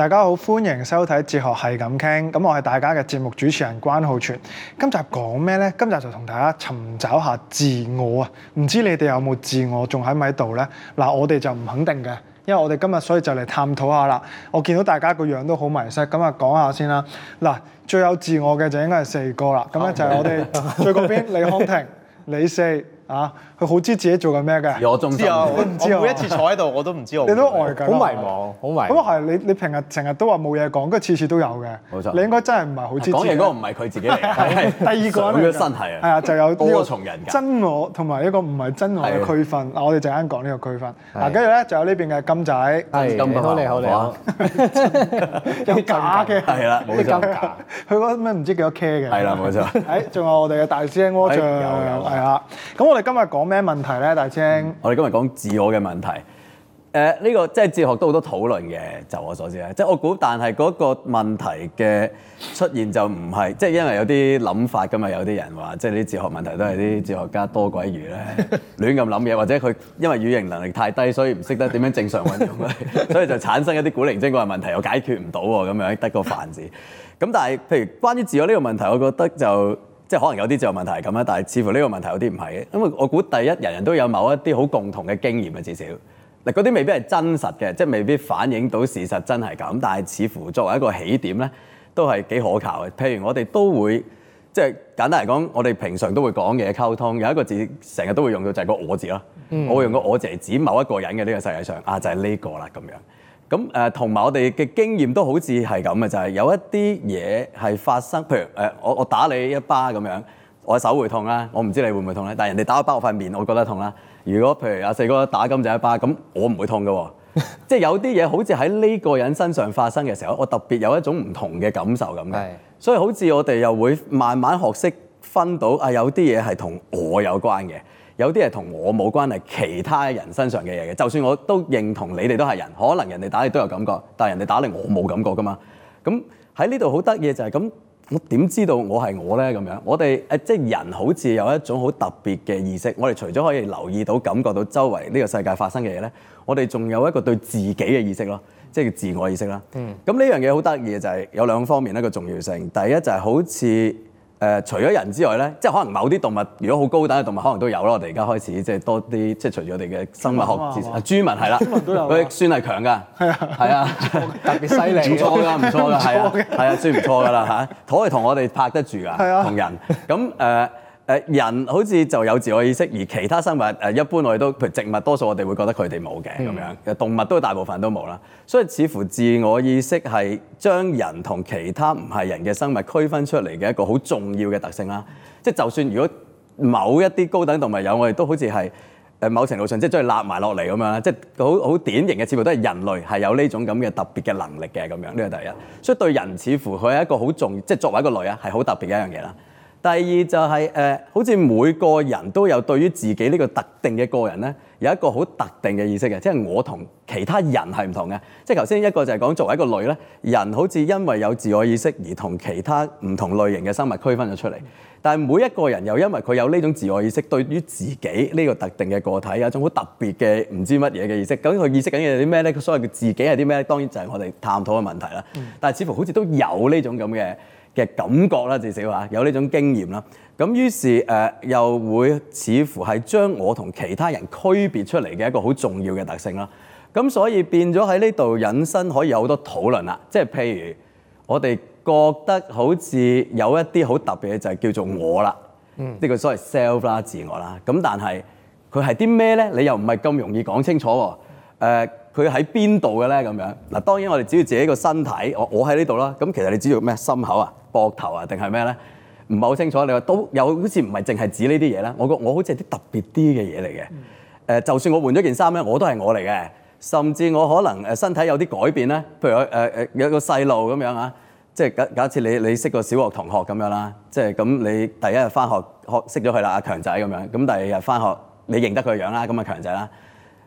大家好，歡迎收睇《哲學係咁傾》。咁我係大家嘅節目主持人關灝泉。今集講咩呢？今集就同大家尋找下自我啊！唔知你哋有冇自我仲喺咪度呢？嗱，我哋就唔肯定嘅，因為我哋今日所以就嚟探討下啦。我見到大家個樣都好迷失，咁啊講下先啦。嗱，最有自我嘅就應該係四哥啦。咁咧嗎就係我哋 最嗰邊李康廷、李四啊。佢好知自己做緊咩嘅？我唔知啊，每一次坐喺度我都唔知我。你都外嘅，好迷惘，好迷。咁啊係，你你平日成日都話冇嘢講，跟住次次都有嘅。冇錯，你應該真係唔係好知。講嘢嗰個唔係佢自己，第二個。佢嘅身體啊，係啊，就有呢個重人格真我同埋一個唔係真我嘅區分。嗱，我哋陣間講呢個區分。嗱，跟住咧，就有呢邊嘅金仔，你好，你好，你好，有假嘅，係啦，冇錯，佢嗰咩唔知幾多 K 嘅，係啦，冇錯。誒，仲有我哋嘅大師兄像。係啦，咁我哋今日講。咩問題呢？大清，嗯、我哋今日講自我嘅問題。誒、呃，呢、呢個即係哲學都好多討論嘅。就我所知咧，即係我估，但係嗰個問題嘅出現就唔係，即係因為有啲諗法㗎嘛。有啲人話，即係啲哲學問題都係啲哲學家多鬼餘咧， 亂咁諗嘢，或者佢因為語言能力太低，所以唔識得點樣正常運用， 所以就產生一啲古靈精怪嘅問題，又解決唔到喎，咁樣得個煩字。咁但係，譬如關於自我呢個問題，我覺得就。即係可能有啲就有問題係咁啦，但係似乎呢個問題有啲唔係。因為我估，第一，人人都有某一啲好共同嘅經驗嘅，至少嗱，嗰啲未必係真實嘅，即係未必反映到事實真係咁，但係似乎作為一個起點咧都係幾可靠嘅。譬如我哋都會，即係簡單嚟講，我哋平常都會講嘢溝通，有一個字成日都會用到，就係個我字咯，嗯、我會用個我字嚟指某一個人嘅，呢個世界上啊就係呢個啦咁樣。咁誒，同埋我哋嘅經驗都好似係咁嘅，就係有一啲嘢係發生，譬如誒，我我打你一巴咁樣，我手會痛啦，我唔知你會唔會痛咧。但係人哋打一巴我塊面，我覺得痛啦。如果譬如阿四哥打金仔一巴，咁我唔會痛㗎喎。 即係有啲嘢好似喺呢個人身上發生嘅時候，我特別有一種唔同嘅感受咁嘅。是所以好似我哋又會慢慢學識分到啊，有啲嘢係同我有關嘅。有啲係同我冇關係，其他人身上嘅嘢嘅，就算我都認同你哋都係人，可能人哋打你都有感覺，但係人哋打你我冇感覺噶嘛。咁喺呢度好得意就係、是、咁，我點知道我係我呢？咁樣我哋誒即係人好似有一種好特別嘅意識，我哋除咗可以留意到、感覺到周圍呢個世界發生嘅嘢呢，我哋仲有一個對自己嘅意識咯，即係叫自我意識啦。嗯。咁呢樣嘢好得意嘅就係、是、有兩方面一個重要性，第一就係好似。誒除咗人之外咧，即係可能某啲動物，如果好高等嘅動物，可能都有啦。我哋而家開始即係多啲，即係除咗我哋嘅生物學知識，豬文係啦，佢算係強噶，係啊，係啊，特別犀利，唔錯噶，唔錯噶，係啊，係啊，算唔錯噶啦吓，都係同我哋拍得住噶同人，咁誒。人好似就有自我意識，而其他生物誒一般我哋都，譬如植物多數我哋會覺得佢哋冇嘅咁樣，動物都大部分都冇啦。所以似乎自我意識係將人同其他唔係人嘅生物區分出嚟嘅一個好重要嘅特性啦。即就算如果某一啲高等動物有，我哋都好似係某程度上即係將佢擸埋落嚟咁樣啦。即係好好典型嘅，似乎都係人類係有呢種咁嘅特別嘅能力嘅咁樣。呢個第一，所以對人似乎佢係一個好重，即係作為一個類啊，係好特別嘅一樣嘢啦。第二就係、是、誒、呃，好似每個人都有對於自己呢個特定嘅個人呢，有一個好特定嘅意識嘅，即係我同其他人係唔同嘅。即係頭先一個就係講作為一個女呢，人好似因為有自我意識而同其他唔同類型嘅生物區分咗出嚟。但係每一個人又因為佢有呢種自我意識，對於自己呢個特定嘅個體有一種好特別嘅唔知乜嘢嘅意識。究竟佢意識緊嘅係啲咩呢？所謂嘅自己係啲咩？當然就係我哋探討嘅問題啦。但係似乎好似都有呢種咁嘅。嘅感覺啦，至少話有呢種經驗啦。咁於是誒又會似乎係將我同其他人區別出嚟嘅一個好重要嘅特性啦。咁所以變咗喺呢度引申可以有好多討論啦。即係譬如我哋覺得好似有一啲好特別嘅就係叫做我啦，嗯、呢個所謂 self 啦、自我啦。咁但係佢係啲咩咧？你又唔係咁容易講清楚喎。呃佢喺邊度嘅咧？咁樣嗱，當然我哋只要自己個身體，我我喺呢度啦。咁其實你知道咩心口啊、膊頭啊，定係咩咧？唔係好清楚。你話都有，好似唔係淨係指呢啲嘢啦。我覺得我好似係啲特別啲嘅嘢嚟嘅。誒、嗯呃，就算我換咗件衫咧，我都係我嚟嘅。甚至我可能誒身體有啲改變咧，譬如誒誒有個細路咁樣啊，即係假假設你你識個小學同學咁樣啦，即係咁你第一日翻學學識咗佢啦，阿強仔咁樣咁，第二日翻學你認得佢個樣啦，咁阿強仔啦，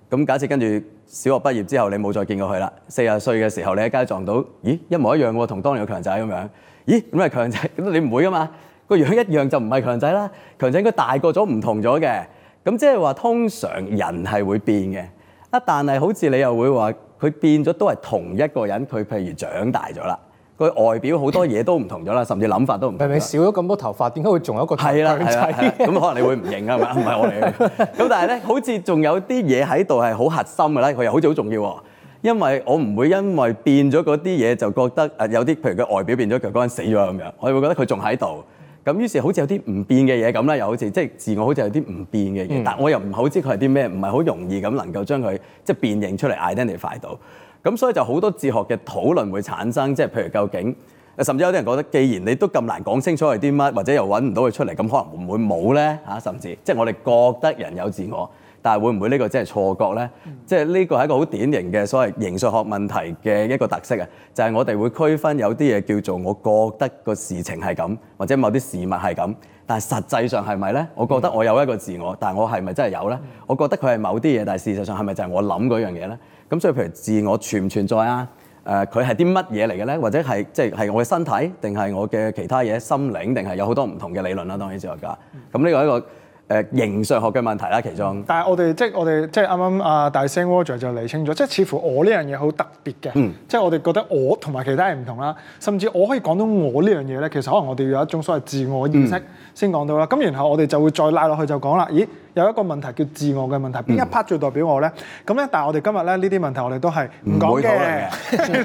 咁假設跟住。小學畢業之後，你冇再見過佢啦。四十歲嘅時候，你喺街撞到，咦，一模一樣喎，啊，同當年嘅強仔咁樣。咦，咁係強仔，咁你唔會㗎嘛？個樣一樣就唔係強仔啦。強仔應該大個咗，唔同咗嘅。咁即係話，通常人係會變嘅。啊，但係好似你又會話，佢變咗都係同一個人，佢譬如長大咗啦。佢外表好多嘢都唔同咗啦，甚至諗法都唔同。明明少咗咁多頭髮，點解會仲有一個頭髮？咁 可能你會唔認啊嘛？唔係我嚟嘅。咁但係咧，好似仲有啲嘢喺度係好核心嘅啦。佢又好似好重要。因為我唔會因為變咗嗰啲嘢就覺得誒有啲譬如佢外表變咗，佢嗰人死咗咁樣，我會覺得佢仲喺度。咁於是好似有啲唔變嘅嘢咁啦，又好似即係自我好，好似有啲唔變嘅嘢。但我又唔好知佢係啲咩，唔係好容易咁能夠將佢即係辨認出嚟 identify 到。咁所以就好多哲學嘅討論會產生，即係譬如究竟，甚至有啲人覺得，既然你都咁難講清楚係啲乜，或者又揾唔到佢出嚟，咁可能會唔會冇呢？嚇、啊，甚至即係我哋覺得人有自我。但係會唔會呢個真係錯覺呢？即係呢個係一個好典型嘅所謂形上學問題嘅一個特色啊！就係、是、我哋會區分有啲嘢叫做我覺得個事情係咁，或者某啲事物係咁，但係實際上係咪呢？我覺得我有一個自我，但係我係咪真係有呢？我覺得佢係某啲嘢，但係事實上係咪就係我諗嗰樣嘢呢？咁所以譬如自我存唔存在啊？誒、呃，佢係啲乜嘢嚟嘅呢？或者係即係我嘅身體，定係我嘅其他嘢、心靈，定係有好多唔同嘅理論啦。當然哲學家，咁呢個係一個。誒，形上學嘅問題啦，其中，但係我哋即係我哋即係啱啱啊大聲 George 就理清咗，即係似乎我呢樣嘢好特別嘅，嗯、即係我哋覺得我同埋其他人唔同啦，甚至我可以講到我呢樣嘢咧，其實可能我哋要有一種所謂自我意識先講、嗯、到啦，咁然後我哋就會再拉落去就講啦，咦？有一個問題叫自我嘅問題，邊一 part 最代表我咧？咁咧，但係我哋今日咧呢啲問題我， 我哋都係唔講嘅，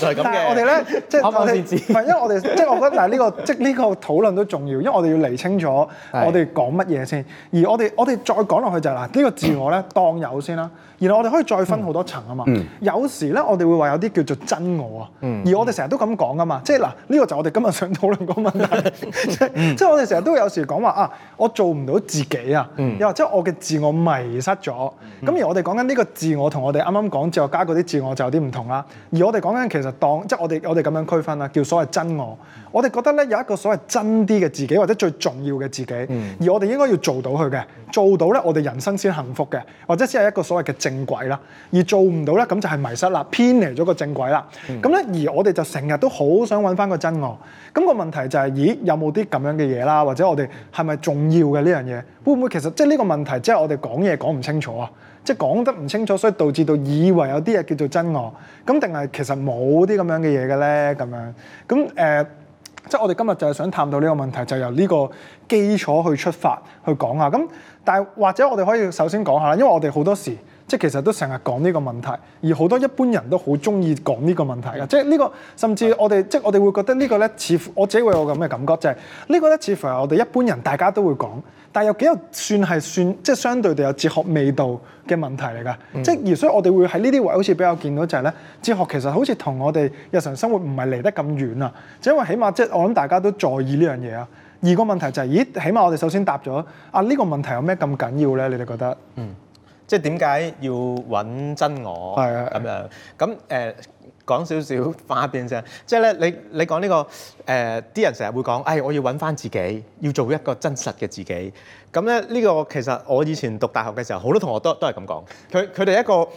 但係我哋咧即係我哋，唔 因為我哋即係我覺得，嗱呢、呢個即係呢個討論都重要，因為我哋要釐清楚我哋講乜嘢先。是而我哋我哋再講落去就係、是、嗱，呢、呢個自我咧當有先啦。然後我哋可以再分好多層啊嘛，嗯、有時咧我哋會話有啲叫做真我啊，嗯、而我哋成日都咁講啊嘛，嗯、即係嗱呢個就我哋今日想討論個問題，即係我哋成日都有時講話啊，我做唔到自己啊，又、嗯、或者我嘅自我迷失咗，咁、嗯、而我哋講緊呢個自我同我哋啱啱講哲學家嗰啲自我就有啲唔同啦，而我哋講緊其實當即係我哋我哋咁樣區分啦，叫所謂真我。我哋覺得咧有一個所謂真啲嘅自己或者最重要嘅自己，嗯、而我哋應該要做到佢嘅，做到咧我哋人生先幸福嘅，或者先係一個所謂嘅正軌啦。而做唔到咧，咁就係迷失啦，偏離咗個正軌啦。咁咧、嗯，而我哋就成日都好想搵返個真我。咁、個問題就係、是、咦，有冇啲咁樣嘅嘢啦？或者我哋係咪重要嘅呢樣嘢？會唔會其實即係呢個問題，即係我哋講嘢講唔清楚啊？即係講得唔清楚，所以導致到以為有啲嘢叫做真我，咁定係其實冇啲咁樣嘅嘢嘅咧？咁樣咁誒？即係我哋今日就係想探到呢個問題，就由呢個基礎去出發去講下。咁，但係或者我哋可以首先講下，因為我哋好多時。即係其實都成日講呢個問題，而好多一般人都好中意講呢個問題嘅。即係、這、呢個，甚至我哋、嗯、即係我哋會覺得呢個咧，似乎我自己會有咁嘅感覺，就係、是、呢個咧，似乎係我哋一般人大家都會講，但係有幾有算係算即係相對地有哲學味道嘅問題嚟嘅。嗯、即係而所以，我哋會喺呢啲位好似比較見到就係、是、咧，哲學其實好似同我哋日常生活唔係離得咁遠啊。就因為起碼即係我諗大家都在意呢樣嘢啊。而個問題就係、是，咦？起碼我哋首先答咗啊，呢、這個問題有咩咁緊要咧？你哋覺得？嗯。即係點解要揾真我啊，咁的樣？咁誒、呃、講少少化一邊即係咧，你你講呢、呢個誒啲、呃、人成日會講，誒、哎、我要揾翻自己，要做一個真實嘅自己。咁咧，呢個其實我以前讀大學嘅時候，好多同學都都係咁講。佢佢哋一個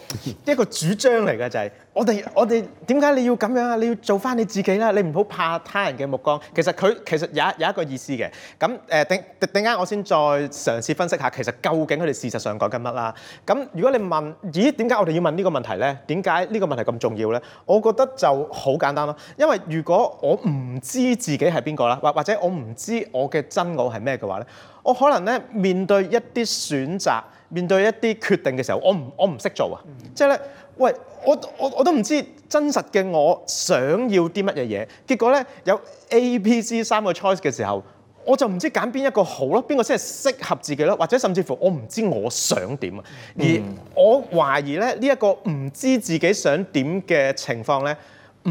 一個主張嚟嘅就係我哋我哋點解你要咁樣啊？你要做返你自己啦，你唔好怕他人嘅目光。其實佢其實有有一個意思嘅。咁誒，等等間我先再嘗試分析下，其實究竟佢哋事實上講緊乜啦？咁如果你問咦點解我哋要問呢個問題咧？點解呢個問題咁重要咧？我覺得就好簡單咯。因為如果我唔知自己係邊個啦，或或者我唔知我嘅真我係咩嘅話咧，我可能咧面對一啲選擇，面對一啲決定嘅時候，我唔我唔識做啊！嗯、即係咧，喂，我我我都唔知真實嘅我想要啲乜嘢嘢，結果咧有 A、B、C 三個 choice 嘅時候，我就唔知揀邊一個好咯，邊個先係適合自己咯，或者甚至乎我唔知我想點啊！嗯、而我懷疑咧呢一個唔知自己想點嘅情況咧，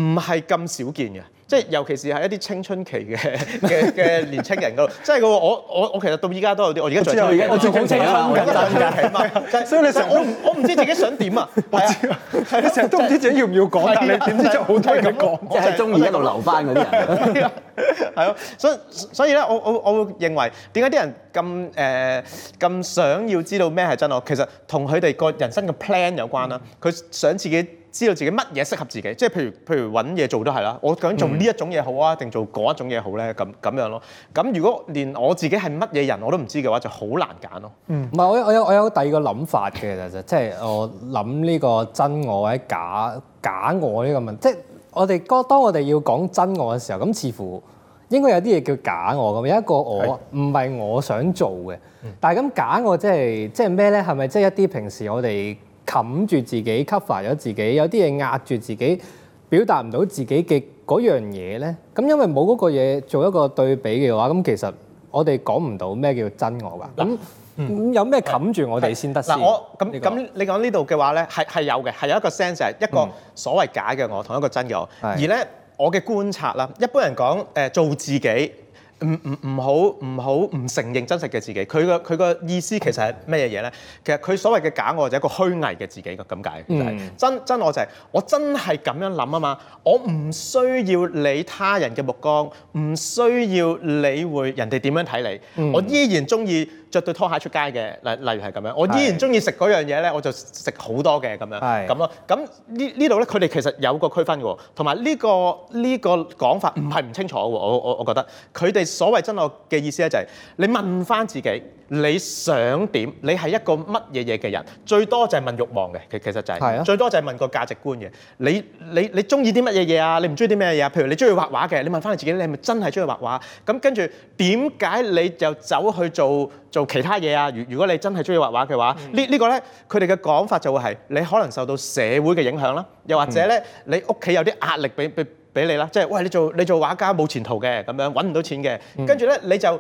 唔係咁少見嘅。即係尤其是係一啲青春期嘅嘅嘅年青人嗰度，即係我我我其實到依家都有啲，我而家做嘅。我做工程我打住架體，所以你成日都我唔知自己想點啊？唔你成日都唔知自己要唔要講，但係你點知做好多咁講，即係中意一路留翻嗰啲人。係咯，所以所以咧，我我我會認為點解啲人咁誒咁想要知道咩係真我？我其實同佢哋個人生嘅 plan 有關啦。佢想自己。知道自己乜嘢適合自己，即係譬如譬如揾嘢做都係啦。我想做呢一種嘢好啊，定做嗰一種嘢好咧？咁咁樣，樣咯。咁如果連我自己係乜嘢人我都唔知嘅話，就好難揀咯。唔係我我有我有，我有第二個諗法嘅，就就即係我諗呢個真我或者假假我呢個問題，即係我哋當當我哋要講真我嘅時候，咁似乎應該有啲嘢叫假我咁，有一個我唔係的我想做嘅。嗯、但係咁假我即係即係咩咧？係咪即係一啲平時我哋？冚住自己 cover 咗自己，有啲嘢壓住自己，表達唔到自己嘅嗰樣嘢咧。咁因為冇嗰個嘢做一個對比嘅話，咁其實我哋講唔到咩叫真我㗎。咁有咩冚住我哋先得先？是我咁咁、這個、你講呢度嘅話咧，係係有嘅，係有一個 sense 係、就是、一個所謂假嘅我，同一個真嘅我。嗯、而咧我嘅觀察啦，一般人講誒、呃、做自己。唔唔唔好唔好唔承認真實嘅自己，佢嘅佢嘅意思其實係咩嘢嘢咧？其實佢所謂嘅假我就係一個虛偽嘅自己個咁解，嗯、就係、係、真真我就係、係、我真係咁樣諗啊嘛！我唔需要理他人嘅目光，唔需要理會人哋點樣睇你，我依然鍾意，著對拖鞋出街嘅，例例如係咁樣，我依然中意食嗰樣嘢咧，我就食好多嘅咁樣，咁咯。咁呢呢度咧，佢哋其實有個區分嘅喎，同埋呢個呢個講法唔係唔清楚喎。我我我覺得佢哋所謂真我嘅意思咧，就係你問翻自己，你想點？你係一個乜嘢嘢嘅人？最多就係問慾望嘅，其其實就係最多就係問個價值觀嘅。你你你中意啲乜嘢嘢啊？你唔中意啲咩嘢啊？譬如你中意畫畫嘅，你問翻你自己，你係咪真係中意畫畫？咁跟住點解你就走去做？做其他嘢啊。如如果你真係中意畫畫嘅話，嗯、呢呢個咧，佢哋嘅講法就會係你可能受到社會嘅影響啦，又或者咧、嗯，你屋企有啲壓力俾俾俾你啦，即係喂，你做你做畫家冇前途嘅，咁樣揾唔到錢嘅，跟住咧你就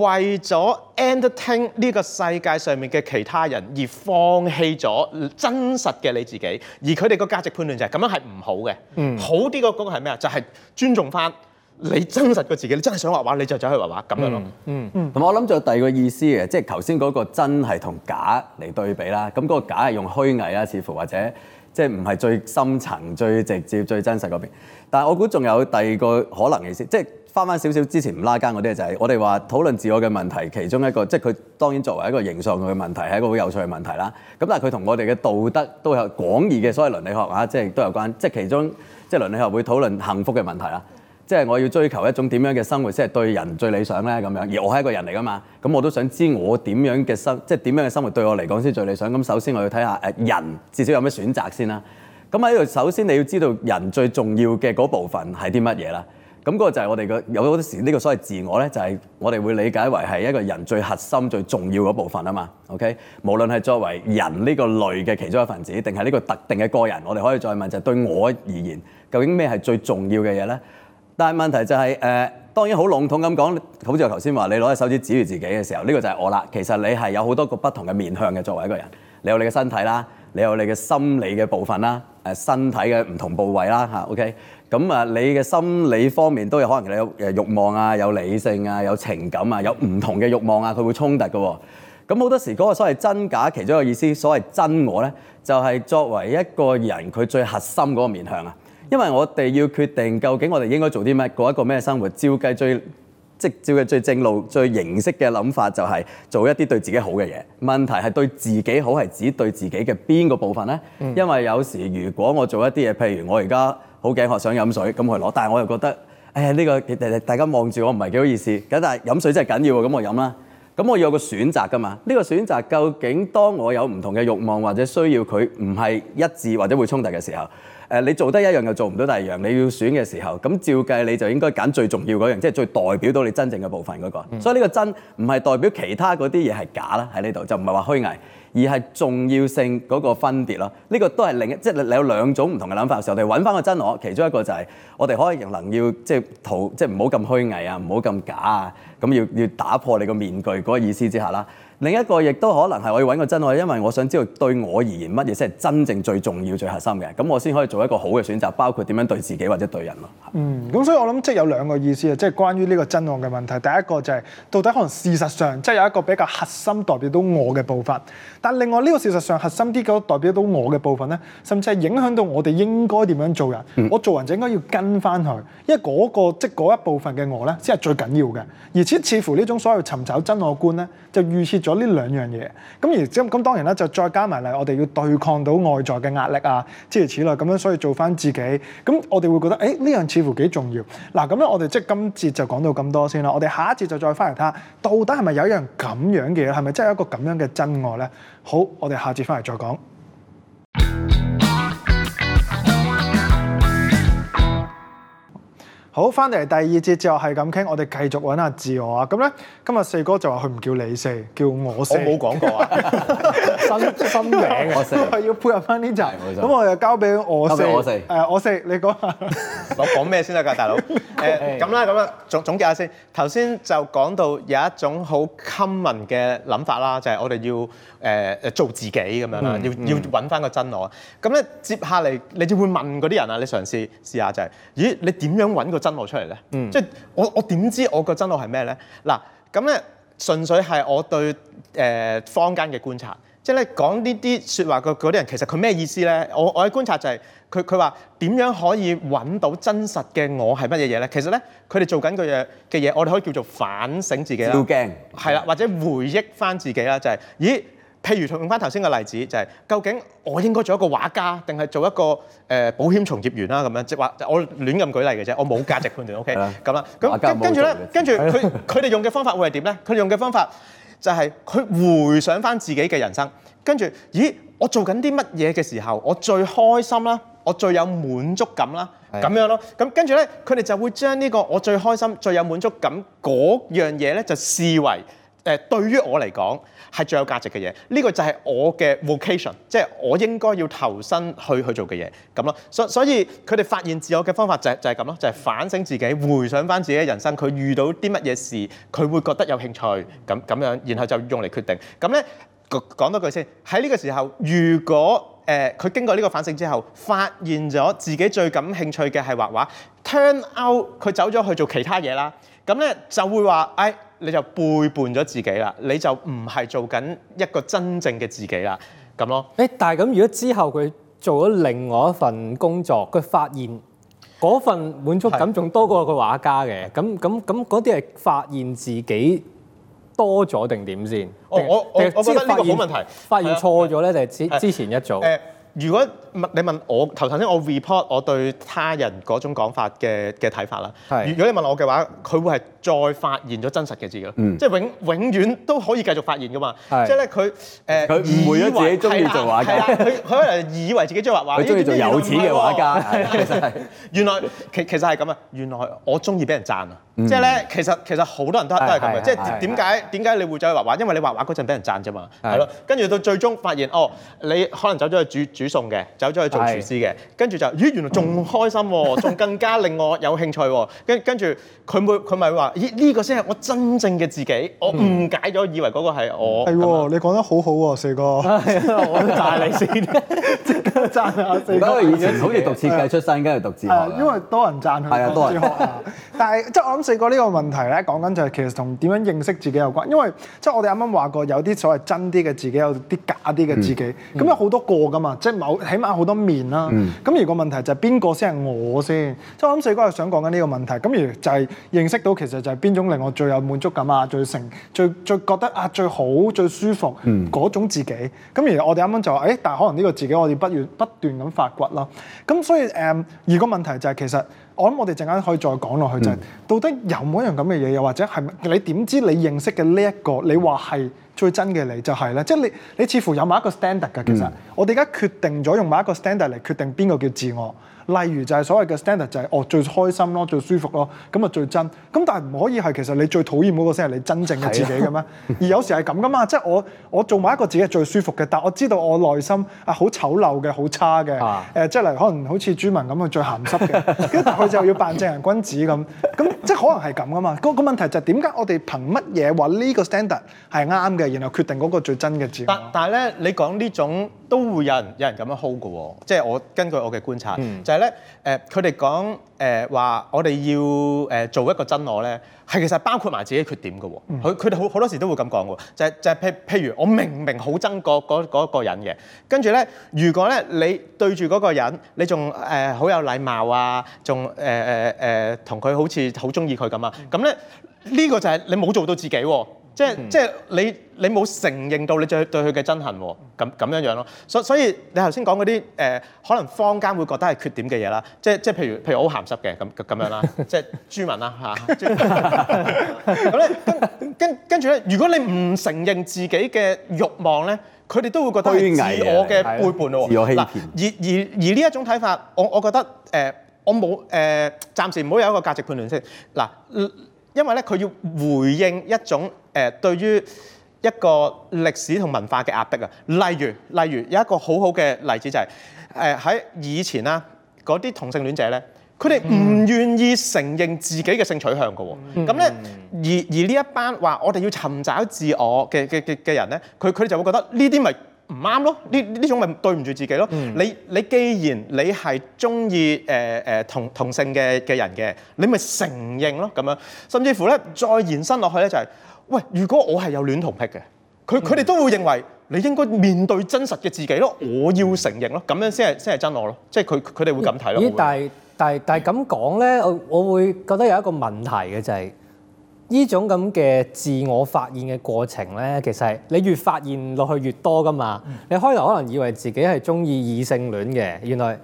為咗 entertain 呢個世界上面嘅其他人而放棄咗真實嘅你自己，而佢哋個價值判斷就係、是、咁樣，係唔、嗯、好嘅，好啲嗰個係咩啊？就係、是、尊重翻。你真實過自己，你真係想畫畫，你就走去畫畫咁樣咯、嗯。嗯嗯。同埋我諗仲有第二個意思嘅，即係頭先嗰個真係同假嚟對比啦。咁嗰個假係用虛偽啦，似乎或者即係唔係最深層、最直接、最真實嗰邊。但係我估仲有第二個可能嘅意思，即係翻翻少少之前唔拉更嗰啲就係我哋話討論自我嘅問題，其中一個即係佢當然作為一個形上嘅問題係一個好有趣嘅問題啦。咁但係佢同我哋嘅道德都有廣義嘅所謂倫理學嚇，即係都有關。即係其中即係倫理學會討論幸福嘅問題啦。即係我要追求一種點樣嘅生活先係對人最理想呢？咁樣，而我係一個人嚟㗎嘛，咁我都想知我點樣嘅生即係點樣嘅生活對我嚟講先最理想。咁首先我要睇下、呃、人至少有咩選擇先啦。咁喺度，首先你要知道人最重要嘅嗰部分係啲乜嘢啦。咁、那、嗰個就係我哋嘅，有好多時呢個所謂自我呢，就係、是、我哋會理解為係一個人最核心最重要嗰部分啊嘛、嗯。OK，無論係作為人呢個類嘅其中一份子，定係呢個特定嘅個人，我哋可以再問就係對我而言，究竟咩係最重要嘅嘢呢？但係問題就係，誒當然好籠統咁講，好似我頭先話，你攞隻手指指住自己嘅時候，呢個就係我啦。其實你係有好多個不同嘅面向嘅，作為一個人，你有你嘅身體啦，你有你嘅心理嘅部分啦，誒身體嘅唔同部位啦嚇，OK。咁啊，你嘅心理方面都有可能你有誒慾望啊，有理性啊，有情感啊，有唔同嘅欲望啊，佢會衝突嘅。咁好多時嗰個所謂真假其中一個意思，所謂真我呢，就係作為一個人佢最核心嗰個面向啊。因為我哋要決定究竟我哋應該做啲咩，過一個咩生活，照計最即係照計最正路、最形式嘅諗法就係做一啲對自己好嘅嘢。問題係對自己好係指對自己嘅邊個部分呢？嗯、因為有時如果我做一啲嘢，譬如我而家好頸渴想飲水，咁去攞。但係我又覺得，哎呀呢、這個大家望住我唔係幾好意思。咁但係飲水真係緊要，咁我飲啦。咁我要有個選擇噶嘛？呢、這個選擇究竟當我有唔同嘅慾望或者需要，佢唔係一致或者會衝突嘅時候，誒、呃，你做得一樣又做唔到第二樣，你要選嘅時候，咁照計你就應該揀最重要嗰樣，即係最代表到你真正嘅部分嗰、那個。嗯、所以呢個真唔係代表其他嗰啲嘢係假啦，喺呢度就唔係話虛偽，而係重要性嗰個分別咯。呢、這個都係另一，即、就、係、是、你有兩種唔同嘅諗法嘅時候，我哋揾翻個真我。其中一個就係我哋可以能要即係討，即係唔好咁虛偽啊，唔好咁假啊，咁要要打破你個面具嗰個意思之下啦。另一個亦都可能係我要搵個真我，因為我想知道對我而言乜嘢先係真正最重要、最核心嘅，咁我先可以做一個好嘅選擇，包括點樣對自己或者對人咯。嗯，咁所以我諗即係有兩個意思啊，即係關於呢個真我嘅問題。第一個就係、是、到底可能事實上即係有一個比較核心代表到我嘅步伐。但另外呢個事實上核心啲嗰代表到我嘅部分咧，甚至係影響到我哋應該點樣做人。嗯、我做人就應該要跟翻佢，因為嗰、那個即嗰一部分嘅我咧先係最緊要嘅。而且似乎呢種所謂尋找真我觀咧，就預設咗呢兩樣嘢，咁而咁當然啦，就再加埋嚟，我哋要對抗到外在嘅壓力啊，諸如此類咁樣，所以做翻自己，咁我哋會覺得，誒呢樣似乎幾重要。嗱，咁咧我哋即係今節就講到咁多先啦，我哋下一節就再翻嚟睇下，到底係咪有一樣咁樣嘅嘢，係咪真係一個咁樣嘅真我咧？好，我哋下節翻嚟再講。 好，翻嚟第二節之後係咁傾，我哋繼續揾阿自我啊。咁咧，今日四哥就話佢唔叫你四，叫我四。我冇講過啊， 新新名啊，我四要配合翻呢集。咁錯我又交俾我四，誒我四、呃，你講下。我講咩先得、啊、㗎，大佬？誒咁啦，咁啦，總總結下先。頭先就講到有一種好 common 嘅諗法啦，就係、是、我哋要。誒誒、呃、做自己咁樣啦，要要揾翻個真我。咁、嗯、咧、嗯、接下嚟，你就會問嗰啲人啊，你嘗試試下就係，咦？你點樣揾個真我、嗯、我出嚟咧？即係我我點知我個真我係咩咧？嗱，咁咧純粹係我對誒、呃、坊間嘅觀察，即係咧講說呢啲説話嘅嗰啲人，其實佢咩意思咧？我我嘅觀察就係，佢佢話點樣可以揾到真實嘅我係乜嘢嘢咧？其實咧，佢哋做緊個嘢嘅嘢，我哋可以叫做反省自己啦，係啦鏡，或者回憶翻自己啦，就係、是、咦？譬如用翻頭先嘅例子，就係究竟我應該做一個畫家，定係做一個誒保險從業員啦？咁樣即係話，我亂咁舉例嘅啫，我冇價值判斷。OK，咁啦，咁跟住咧，跟住佢佢哋用嘅方法會係點咧？佢哋用嘅方法就係佢回想翻自己嘅人生，跟住咦，我做緊啲乜嘢嘅時候，我最開心啦，我最有滿足感啦，咁樣咯。咁跟住咧，佢哋就會將呢個我最開心、最有滿足感嗰樣嘢咧，就視為。誒對於我嚟講係最有價值嘅嘢，呢、這個就係我嘅 vocation，即係我應該要投身去去做嘅嘢咁咯。所以所以佢哋發現自我嘅方法就就係咁咯，就係、是就是、反省自己，回想返自己嘅人生，佢遇到啲乜嘢事，佢會覺得有興趣咁咁樣，然後就用嚟決定。咁咧講多句先，喺呢個時候，如果誒佢、呃、經過呢個反省之後，發現咗自己最感興趣嘅係畫畫，turn out 佢走咗去做其他嘢啦，咁咧就會話誒。哎你就背叛咗自己啦，你就唔係做緊一個真正嘅自己啦，咁咯。誒、欸，但係咁如果之後佢做咗另外一份工作，佢發現嗰份滿足感仲係多過個畫家嘅，咁咁咁嗰啲係發現自己多咗定點先？我我之後我覺得呢個發現好問題，發現錯咗咧就係之之前一組？啊呃、如果。你問我頭頭先我 report 我對他人嗰種講法嘅嘅睇法啦。如果你問我嘅話，佢會係再發現咗真實嘅字咯。即係永永遠都可以繼續發現㗎嘛。即係咧佢誒，佢誤會咗自己中意做畫家。佢佢可能以為自己中意畫畫。佢中意做有錢嘅畫家。其實係原來其其實係咁啊。原來我中意俾人讚啊。即係咧，其實其實好多人都都係咁嘅。即係點解點解你會走去畫畫？因為你畫畫嗰陣俾人讚啫嘛。係咯，跟住到最終發現哦，你可能走咗去煮煮餸嘅。走咗去做廚師嘅，跟住是就咦，原來仲開心、啊，仲、嗯、更加令我有興趣、啊。跟跟住佢會佢咪話咦，呢個先係我真正嘅自己。我誤解咗，以為嗰個係我。係喎的，嗎你講得好好、啊、喎，四哥。係啊，我大帶你先。而家佢以前好似讀設計的出身，梗係佢讀哲學，因為多人讚佢。係啊，多人。學 但係即係我諗四哥呢個問題咧，講緊就係其實同點樣認識自己有關。因為即係我哋啱啱話過，有啲所謂真啲嘅自己，有啲假啲嘅自己，咁、嗯、有好多個㗎嘛。即係某起碼好多面啦。咁、嗯、而個問題就係邊、嗯、個先係我先？即係我諗四哥係想講緊呢個問題。咁而就係認識到其實就係邊種令我最有滿足感啊，最成最最覺得啊最好最舒服嗰、嗯、種自己。咁而我哋啱啱就話誒、欸，但係可能呢個自己我哋不如。不斷咁發掘咯，咁所以誒，二、嗯、個問題就係、是、其實我諗我哋陣間可以再講落去就係、是，嗯、到底有冇一樣咁嘅嘢？又或者係你點知你認識嘅呢一個你話係最真嘅你就係、是、咧？即係你你似乎有某一個 standard 嘅其實，嗯、我哋而家決定咗用某一個 standard 嚟決定邊個叫自我。例如就係所謂嘅 standard 就係、是、哦，最開心咯，最舒服咯，咁啊最真咁，但係唔可以係其實你最討厭嗰個先係你真正嘅自己嘅咩？是的 而有時係咁噶嘛，即係我我做埋一個自己係最舒服嘅，但係我知道我內心啊好醜陋嘅，好差嘅誒、啊呃，即係例如可能好似朱文咁啊最鹹濕嘅，跟住就要扮正人君子咁，咁 即係可能係咁噶嘛？個個問題就係點解我哋憑乜嘢話呢個 standard 係啱嘅，然後決定嗰個最真嘅自己？但但係咧，你講呢種。都會有人有人咁樣 hold 嘅、哦，即係我根據我嘅觀察，嗯、就係咧誒，佢哋講誒話我哋要誒、呃、做一個真我咧，係其實包括埋自己缺點嘅、哦。佢佢哋好好多時都會咁講嘅，就係、係、就係、係、譬譬如我明明好憎嗰個人嘅，跟住咧，如果咧你對住嗰個人，你仲誒好有禮貌啊，仲誒誒誒同佢好似好中意佢咁啊，咁咧、嗯、呢、呢個就係你冇做到自己，自己、啊。即係即係你你冇承認到你對佢嘅憎恨喎，咁咁樣樣咯。所以所以你頭先講嗰啲誒，可能坊間會覺得係缺點嘅嘢啦。即即係譬如譬如好鹹濕嘅咁咁樣啦， 即係豬文啦嚇。咁咧 跟跟住咧，如果你唔承認自己嘅欲望咧，佢哋都會覺得係自我嘅背叛咯喎。嗱，而而而呢一種睇法，我我，我覺得誒、呃，我冇誒，暫時唔好有一個價值判斷先嗱，因為咧佢要回應一種。誒、呃，對於一個歷史同文化嘅壓迫啊，例如例如有一個好好嘅例子就係誒喺以前啦，嗰啲同性戀者咧，佢哋唔願意承認自己嘅性取向嘅喎、哦。咁咧、嗯，而而呢一班話我哋要尋找自我嘅嘅嘅嘅人咧，佢佢哋就會覺得呢啲咪唔啱咯，呢呢種咪對唔住自己咯。嗯、你你既然你係中意誒誒同同性嘅嘅人嘅，你咪承認咯咁樣。甚至乎咧，再延伸落去咧就係、是。喂，如果我係有戀童癖嘅，佢佢哋都會認為你應該面對真實嘅自己咯，我要承認咯，咁樣先係先係真我咯，即係佢佢哋會咁睇咯。咦誒的？但係但係但係咁講咧，我我會覺得有一個問題嘅就係、是、呢種咁嘅自我發現嘅過程咧，其實係你越發現落去越多噶嘛。嗯、你開頭可能以為自己係中意異性戀嘅，原來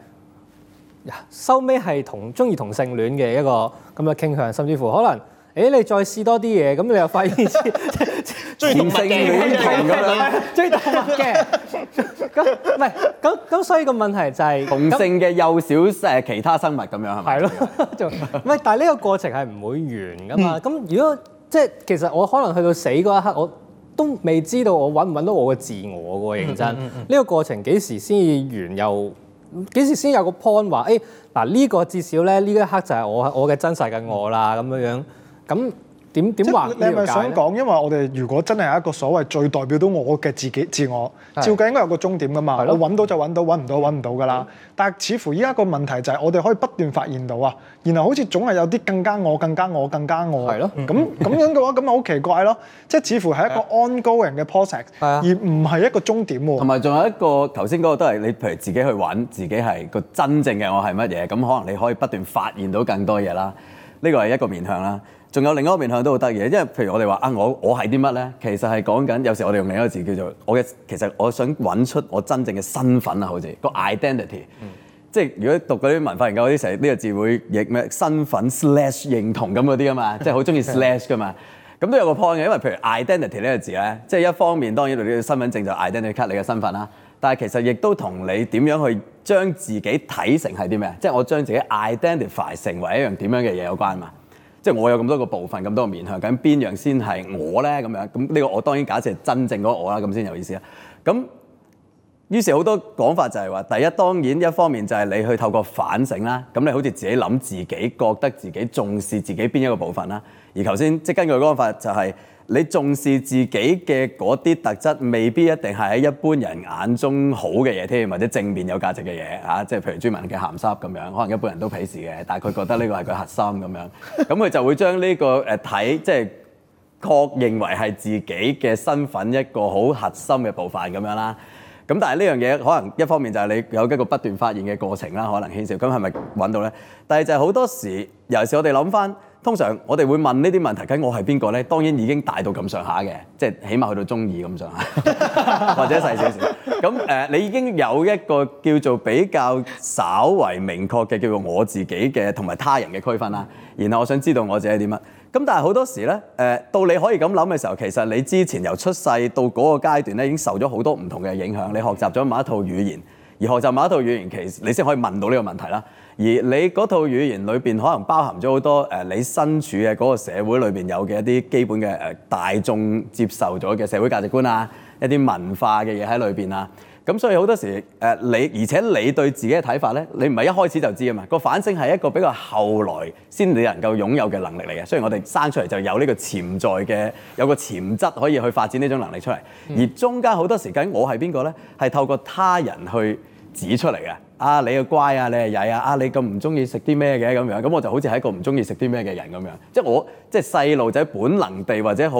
收尾係同中意同性戀嘅一個咁嘅傾向，甚至乎可能。誒，你再試多啲嘢，咁你又發現，即係鍾意同性嘅，鍾意動物嘅。咁唔係，咁咁所以個問題就係同性嘅幼小誒其他生物咁樣係咪？係咯，就唔係。但係呢個過程係唔會完噶嘛。咁如果即係其實我可能去到死嗰一刻，我都未知道我揾唔揾到我嘅自我嘅喎。認真呢個過程幾時先至完？又幾時先有個 point 話誒嗱呢個至少咧呢一刻就係我我嘅真實嘅我啦咁樣樣。咁點點話？你咪想講，因為我哋如果真係一個所謂最代表到我嘅自己、自我，的照計應該有個終點㗎嘛。的我揾到就揾到，揾唔、嗯、到揾唔到㗎喇。嗯、但係似乎依家個問題就係我哋可以不斷發現到啊，然後好似總係有啲更加我、更加我、更加我。係咯的。咁咁、嗯、樣嘅話，咁咪好奇怪咯？即係似乎係一個 ongoing 嘅 process，的而唔係一個終點喎。同埋仲有一個頭先嗰個都係你，譬如自己去揾自己係個真正嘅我係乜嘢，咁可能你可以不斷發現到更多嘢啦。呢個係一個面向啦。仲有另一個面向都好得意，因為譬如我哋話啊，我我係啲乜咧？其實係講緊有時我哋用另一個字叫做我嘅，其實我想揾出我真正嘅身份啊，好似個 identity，、嗯、即係如果讀嗰啲文化研究嗰啲成日呢個字會譯咩身份 slash 認同咁嗰啲啊嘛，即係好鍾意 slash 㗎嘛。咁 都有個 point 嘅，因為譬如 identity 呢個字咧，即係一方面當然你嘅身份證就 identify 你嘅身份啦，但係其實亦都同你點樣去將自己睇成係啲咩，即係我將自己 identify 成為一樣點樣嘅嘢有關嘛。即係我有咁多個部分，咁多個面向，咁邊樣先係我呢？咁樣咁呢、呢個我當然假設係真正嗰個我啦，咁先有意思啦。咁於是好多講法就係話，第一當然一方面就係你去透過反省啦，咁你好似自己諗自己覺得自己重視自己邊一個部分啦。而頭先即根據嗰個講法就係、是。你重視自己嘅嗰啲特質，未必一定係喺一般人眼中好嘅嘢添，或者正面有價值嘅嘢嚇。即係譬如專文嘅鹹濕咁樣，可能一般人都鄙視嘅，但係佢覺得呢個係佢核心咁樣，咁佢就會將呢、這個誒睇、呃、即係確認為係自己嘅身份一個好核心嘅部分咁樣啦。咁但係呢樣嘢可能一方面就係你有一個不斷發現嘅過程啦，可能牽涉咁係咪揾到呢？但係就係好多時，尤其是我哋諗翻。通常我哋會問呢啲問題，咁我係邊個呢？當然已經大到咁上下嘅，即係起碼去到中二咁上下， 或者細少少。咁誒、呃，你已經有一個叫做比較稍為明確嘅叫做我自己嘅同埋他人嘅區分啦。然後我想知道我自己係點啊？咁但係好多時呢，誒、呃、到你可以咁諗嘅時候，其實你之前由出世到嗰個階段呢，已經受咗好多唔同嘅影響。你學習咗某一套語言，而學習某一套語言，其實你先可以問到呢個問題啦。而你嗰套語言裏邊可能包含咗好多誒、呃，你身處嘅嗰個社會裏邊有嘅一啲基本嘅誒、呃、大眾接受咗嘅社會價值觀啊，一啲文化嘅嘢喺裏邊啊。咁所以好多時誒、呃、你，而且你對自己嘅睇法呢，你唔係一開始就知啊嘛。個反省係一個比較後來先你能夠擁有嘅能力嚟嘅。雖然我哋生出嚟就有呢個潛在嘅，有個潛質可以去發展呢種能力出嚟。而中間好多時間，我係邊個呢？係透過他人去指出嚟嘅，啊你個乖啊，你係曳啊，啊你咁唔中意食啲咩嘅咁樣，咁我就好似係一個唔中意食啲咩嘅人咁樣，即係我即係細路仔本能地或者好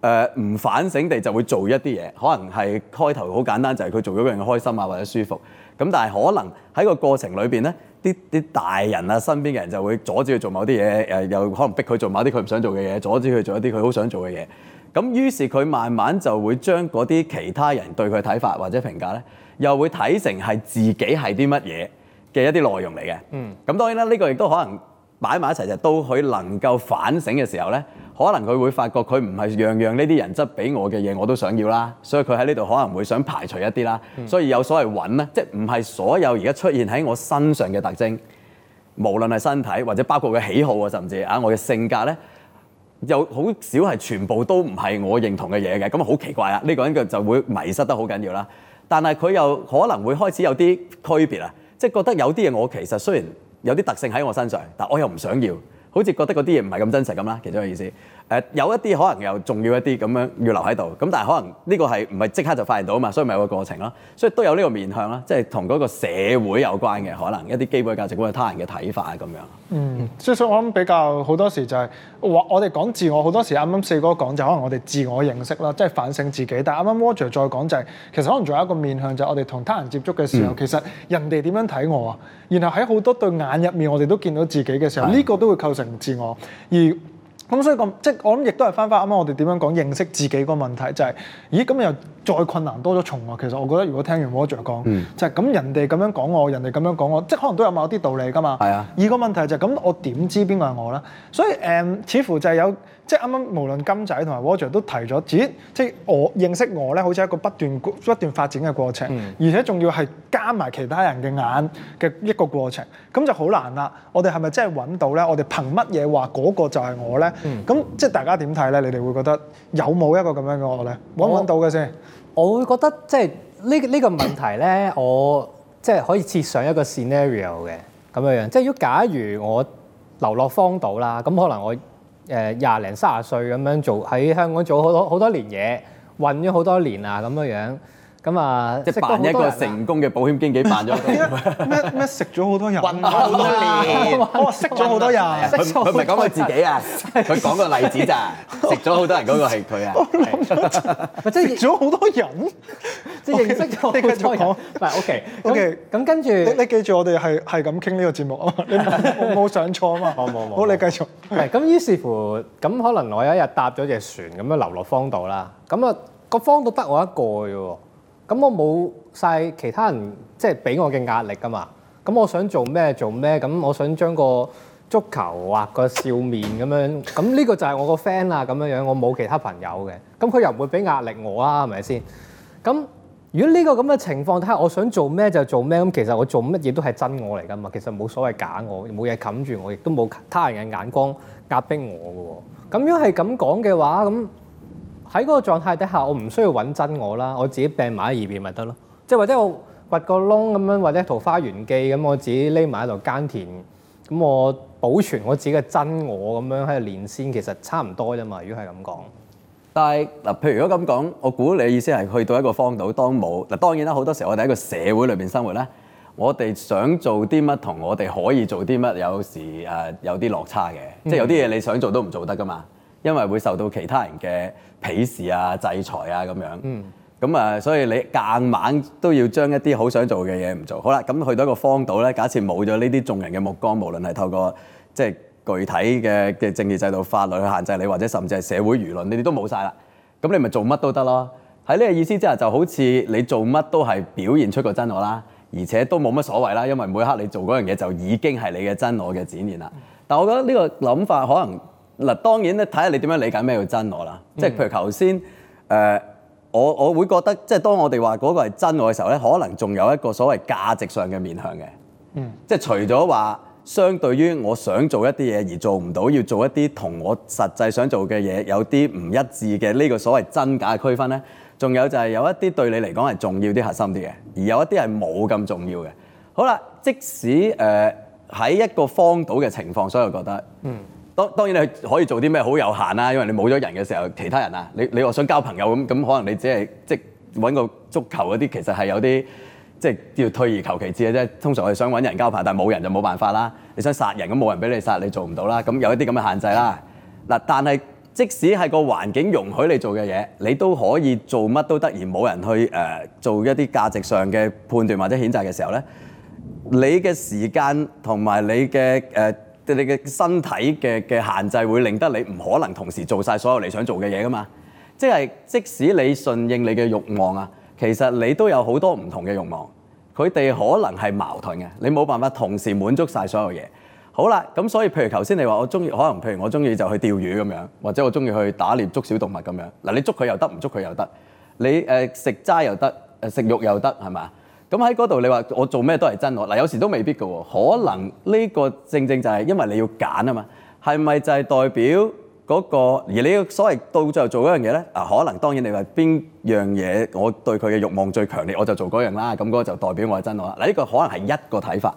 誒唔反省地就會做一啲嘢，可能係開頭好簡單，就係、是、佢做咗個人開心啊或者舒服，咁但係可能喺個過程裏邊呢，啲啲大人啊身邊嘅人就會阻止佢做某啲嘢，誒又，又可能逼佢做某啲佢唔想做嘅嘢，阻止佢做一啲佢好想做嘅嘢，咁於是佢慢慢就會將嗰啲其他人對佢睇法或者評價呢，又會睇成係自己係啲乜嘢嘅一啲內容嚟嘅。咁、嗯、當然啦，呢個亦都可能擺埋一齊，就到佢能夠反省嘅時候呢，可能佢會發覺佢唔係樣樣呢啲人質俾我嘅嘢我都想要啦，所以佢喺呢度可能會想排除一啲啦，嗯、所以有所謂揾咧，即係唔係所有而家出現喺我身上嘅特徵，無論係身體或者包括佢喜好啊，甚至啊我嘅性格呢，又好少係全部都唔係我認同嘅嘢嘅，咁好奇怪啊！呢、這個人就就會迷失得好緊要啦。但係佢又可能會開始有啲區別啦，即係覺得有啲嘢我其實雖然有啲特性喺我身上，但我又唔想要，好似覺得嗰啲嘢唔係咁真實咁啦，其中一個意思。誒、呃、有一啲可能又重要一啲咁樣要留喺度，咁但係可能呢個係唔係即刻就發現到啊嘛，所以咪有個過程咯，所以都有呢個面向啦，即係同嗰個社會有關嘅，可能一啲基本價值觀、他人嘅睇法啊咁樣。嗯，所以我諗比較好多時就係、是、我我哋講自我好多時，啱啱四哥講就可能我哋自我認識啦，即係反省自己。但係啱啱 Roger 再講就係、是、其實可能仲有一個面向就係、是、我哋同他人接觸嘅時候，嗯、其實人哋點樣睇我啊？然後喺好多對眼入面，我哋都見到自己嘅時候，呢個都會構成自我而。咁所以講，即係我諗，亦都係翻翻啱啱我哋點樣講認識自己嗰個問題，就係、是，咦咁又再困難多咗重啊！其實我覺得，如果聽完 Roger 講，嗯、就係、是、咁人哋咁樣講我，人哋咁樣講我，即係可能都有某啲道理㗎嘛。係是啊。二個問題就係、是、咁，我點知邊個係我咧？所以誒、呃，似乎就係有。即係啱啱無論金仔同埋 Roger 都提咗，只即係我認識我咧，好似一個不斷不斷發展嘅過程，嗯、而且仲要係加埋其他人嘅眼嘅一個過程，咁就好難啦。我哋係咪真係揾到咧？我哋憑乜嘢話嗰個就係我咧？咁、嗯、即係大家點睇咧？你哋會覺得有冇一個咁樣嘅我咧？揾唔揾到嘅先？我會覺得即係呢呢個問題咧， 我即係可以設想一個 scenario 嘅咁樣樣。即係如果假如我流落荒島啦，咁可能我。誒廿零三十歲咁樣做喺香港做好多好多年嘢，混咗好多年呀，咁樣樣。咁啊，即係辦一個成功嘅保險經紀，辦咗咩咩咩？食咗好多人，混咗好多年，哦，識咗好多人，唔係講佢自己啊，佢講個例子咋，食咗好多人嗰個係佢啊，即係食咗好多人，即係認識咗好多。唔係，OK，OK，咁跟住，你記住我哋係係咁傾呢個節目啊嘛，我冇上錯啊嘛，好，你繼續。係咁，於是乎咁可能我有一日搭咗隻船咁樣流落荒島啦。咁啊，個荒島得我一個嘅喎。咁我冇晒其他人，即係俾我嘅壓力㗎嘛？咁我想做咩做咩？咁我想將個足球畫個笑面咁樣，咁呢個就係我個 friend 啦咁樣樣，我冇其他朋友嘅。咁佢又唔會俾壓力我啊？係咪先？咁如果呢個咁嘅情況，睇下我想做咩就做咩。咁其實我做乜嘢都係真我嚟㗎嘛。其實冇所謂假我，冇嘢冚住我，亦都冇他人嘅眼光壓迫我㗎喎。咁樣係咁講嘅話，咁。喺嗰個狀態底下，我唔需要揾真我啦，我自己病埋喺二邊咪得咯。即係或者我掘個窿咁樣，或者桃花源記咁，我自己匿埋喺度耕田，咁我保存我自己嘅真我咁樣喺度練先，其實差唔多啫嘛。如果係咁講，但係嗱，譬如如果咁講，我估你意思係去到一個荒島當冇嗱，當然啦，好多時候我哋喺個社會裏邊生活咧，我哋想做啲乜同我哋可以做啲乜，有時誒、啊、有啲落差嘅，嗯、即係有啲嘢你想做都唔做得噶嘛。因為會受到其他人嘅鄙視啊、制裁啊咁樣，咁啊、嗯嗯，所以你硬晚都要將一啲好想做嘅嘢唔做好啦。咁、嗯、去到一個荒島咧，假設冇咗呢啲眾人嘅目光，無論係透過即係具體嘅嘅政治制度、法律去限制你，或者甚至係社會輿論，你哋都冇晒啦。咁你咪做乜都得咯。喺呢個意思之下，就好似你做乜都係表現出個真我啦，而且都冇乜所謂啦，因為每一刻你做嗰樣嘢就已經係你嘅真我嘅展現啦。嗯、但我覺得呢個諗法可能。嗱，當然咧，睇下你點樣理解咩叫真我啦。嗯、即係譬如頭先，誒、呃，我我會覺得，即係當我哋話嗰個係真我嘅時候咧，可能仲有一個所謂價值上嘅面向嘅。嗯。即係除咗話，相對於我想做一啲嘢而做唔到，要做一啲同我實際想做嘅嘢有啲唔一致嘅呢個所謂真假嘅區分咧，仲有就係有一啲對你嚟講係重要啲核心啲嘅，而有一啲係冇咁重要嘅。好啦，即使誒喺、呃、一個荒島嘅情況，所以我覺得。嗯。當然你可以做啲咩好有限啦，因為你冇咗人嘅時候，其他人啊，你你話想交朋友咁，咁可能你只係即係揾個足球嗰啲，其實係有啲即係叫退而求其次嘅啫。通常係想揾人交朋，但係冇人就冇辦法啦。你想殺人咁冇人俾你殺，你做唔到啦。咁有一啲咁嘅限制啦。嗱，但係即使係個環境容許你做嘅嘢，你都可以做乜都得，而冇人去誒、呃、做一啲價值上嘅判斷或者譴責嘅時候咧，你嘅時間同埋你嘅誒。呃你你嘅身體嘅嘅限制會令得你唔可能同時做晒所有你想做嘅嘢噶嘛？即係即使你順應你嘅慾望啊，其實你都有好多唔同嘅慾望，佢哋可能係矛盾嘅，你冇辦法同時滿足晒所有嘢。好啦，咁所以譬如頭先你話我中意，可能譬如我中意就去釣魚咁樣，或者我中意去打獵捉小動物咁樣。嗱，你捉佢又得，唔捉佢又得。你誒食齋又得，誒、呃、食、呃、肉又得，係嘛？咁喺嗰度，那那你話我做咩都係真我嗱，有時都未必嘅喎，可能呢個正正就係因為你要揀啊嘛，係咪就係代表嗰、那個而你要所謂到最後就做嗰樣嘢咧？啊，可能當然你話邊樣嘢，我對佢嘅欲望最強烈，我就做嗰樣啦，咁、那、嗰、個、就代表我係真我啦。嗱，呢個可能係一個睇法，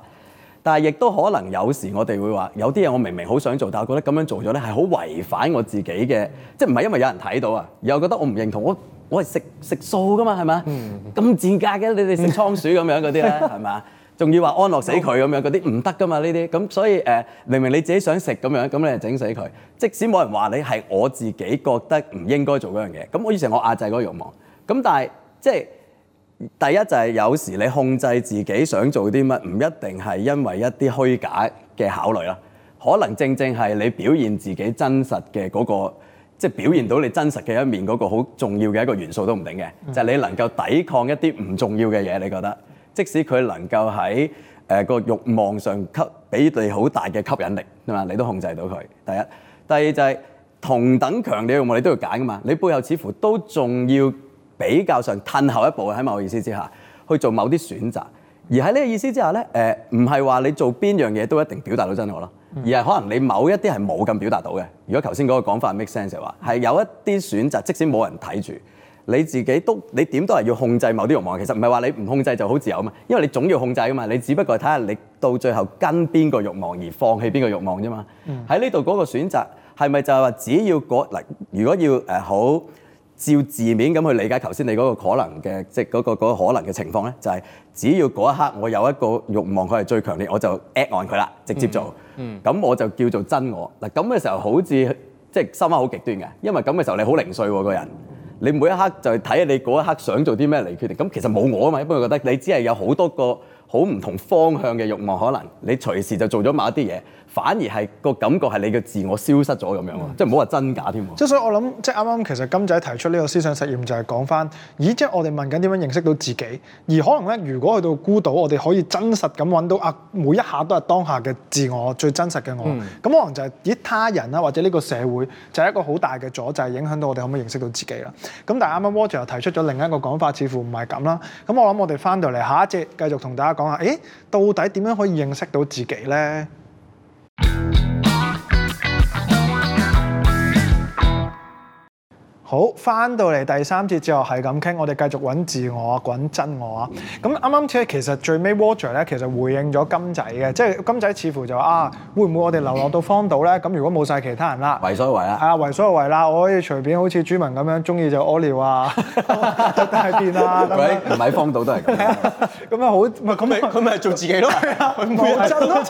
但係亦都可能有時我哋會話，有啲嘢我明明好想做，但係覺得咁樣做咗咧係好違反我自己嘅，即係唔係因為有人睇到啊，而我覺得我唔認同我。我係食食素噶嘛，係咪？咁賤、嗯、格嘅，你哋食倉鼠咁樣嗰啲咧，係咪？仲要話安樂死佢咁樣嗰啲唔得噶嘛？呢啲，咁所以誒、呃，明明你自己想食咁樣，咁你就整死佢。即使冇人話你係，我自己覺得唔應該做嗰樣嘢。咁我以前我壓制嗰個慾望。咁但係即係第一就係有時你控制自己想做啲乜，唔一定係因為一啲虛假嘅考慮啦。可能正正係你表現自己真實嘅嗰、嗰個。即係表現到你真實嘅一面嗰個好重要嘅一個元素都唔定嘅，就係你能夠抵抗一啲唔重要嘅嘢。你覺得即使佢能夠喺誒個欲望上吸俾你好大嘅吸引力，係嘛？你都控制到佢。第一，第二就係同等強烈嘅慾望，你都要揀㗎嘛。你背後似乎都仲要比較上褪後一步，喺某個意思之下去做某啲選擇。而喺呢個意思之下咧，誒唔係話你做邊樣嘢都一定表達到真我咯。而係可能你某一啲係冇咁表達到嘅。如果頭先嗰個講法 make sense 嘅話，係有一啲選擇，即使冇人睇住，你自己都你點都係要控制某啲欲望。其實唔係話你唔控制就好自由啊嘛，因為你總要控制啊嘛。你只不過係睇下你到最後跟邊個欲望而放棄邊個欲望啫嘛。喺呢度嗰個選擇係咪就係話只要嗰嗱，如果要誒、呃、好？照字面咁去理解頭先你嗰個可能嘅，即係、那、嗰、個那個可能嘅情況咧，就係、是、只要嗰一刻我有一個慾望，佢係最強烈，我就 at on 佢啦，直接做。咁、嗯嗯、我就叫做真我。嗱咁嘅時候好，好似即係收翻好極端嘅，因為咁嘅時候你好零碎喎、啊、個人，你每一刻就係睇下你嗰一刻想做啲咩嚟決定。咁其實冇我啊嘛，一般我覺得你只係有好多個。好唔同方向嘅欲望，可能你隨時就做咗某一啲嘢，反而係個感覺係你嘅自我消失咗咁樣啊！即係唔好話真假添喎。即所以我諗，即係啱啱其實金仔提出呢個思想實驗就係講翻，咦？即係我哋問緊點樣認識到自己，而可能咧，如果去到孤島，我哋可以真實咁揾到啊，每一下都係當下嘅自我最真實嘅我。咁可能就係咦，他人啊，或者呢個社會就係一個好大嘅阻滯，影響到我哋可唔可以認識到自己啦？咁但係啱啱 Walter 提出咗另一個講法，似乎唔係咁啦。咁我諗我哋翻到嚟下一節繼續同大家，講下，誒到底點樣可以認識到自己呢？好，翻到嚟第三節之後係咁傾，我哋繼續揾自我，揾真我啊。咁啱啱先其實最尾 Walter 咧，其實回應咗金仔嘅，即係金仔似乎就話啊，會唔會我哋流落到荒島咧？咁如果冇晒其他人啦，為所為啦，係啊，為所為啦，我可以隨便好似朱文咁樣中意就屙尿啊、大便啊，係咪？唔喺荒島都係咁，咁咪好咪？咁咪佢咪做自己咯，唔真咯，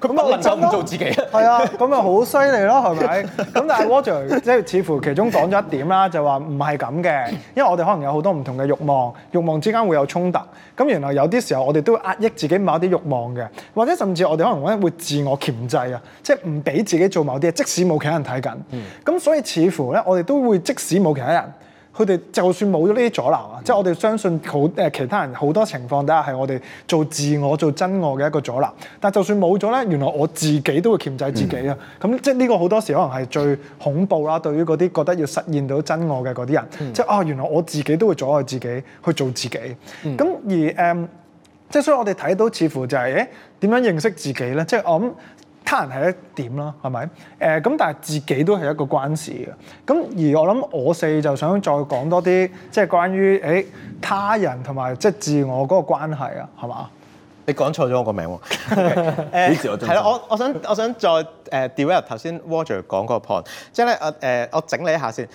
佢乜都就唔做自己啊？係啊，咁咪好犀利咯，係咪？咁但係 Walter 即係似乎其中講咗一點。啦就話唔係咁嘅，因為我哋可能有好多唔同嘅欲望，欲望之間會有衝突。咁原來有啲時候我哋都會壓抑自己某啲欲望嘅，或者甚至我哋可能咧會自我鉗制啊，即係唔俾自己做某啲嘢，即使冇其他人睇緊。咁、嗯、所以似乎咧，我哋都會即使冇其他人。佢哋就算冇咗呢啲阻撓啊，嗯、即係我哋相信好誒、呃、其他人好多情況底下係我哋做自我做真我嘅一個阻撓。但就算冇咗咧，原來我自己都會鉗制自己啊！咁、嗯嗯、即係呢個好多時可能係最恐怖啦，對於嗰啲覺得要實現到真我嘅嗰啲人，嗯、即係啊，原來我自己都會阻礙自己去做自己。咁、嗯嗯、而誒、嗯、即係所以我哋睇到似乎就係誒點樣認識自己咧？即係我諗。嗯他人係一點咯，係咪？誒咁，但係自己都係一個關事嘅。咁而我諗，我四就想再講多啲，就係欸，即係關於誒他人同埋即係自我嗰個關係係係 啊，係嘛，呃？你講錯咗我個名喎。幾時，啊、我？係啦，我我想我想再誒 develop 頭先 Walter 講個 point，即係咧我誒我整理一下先。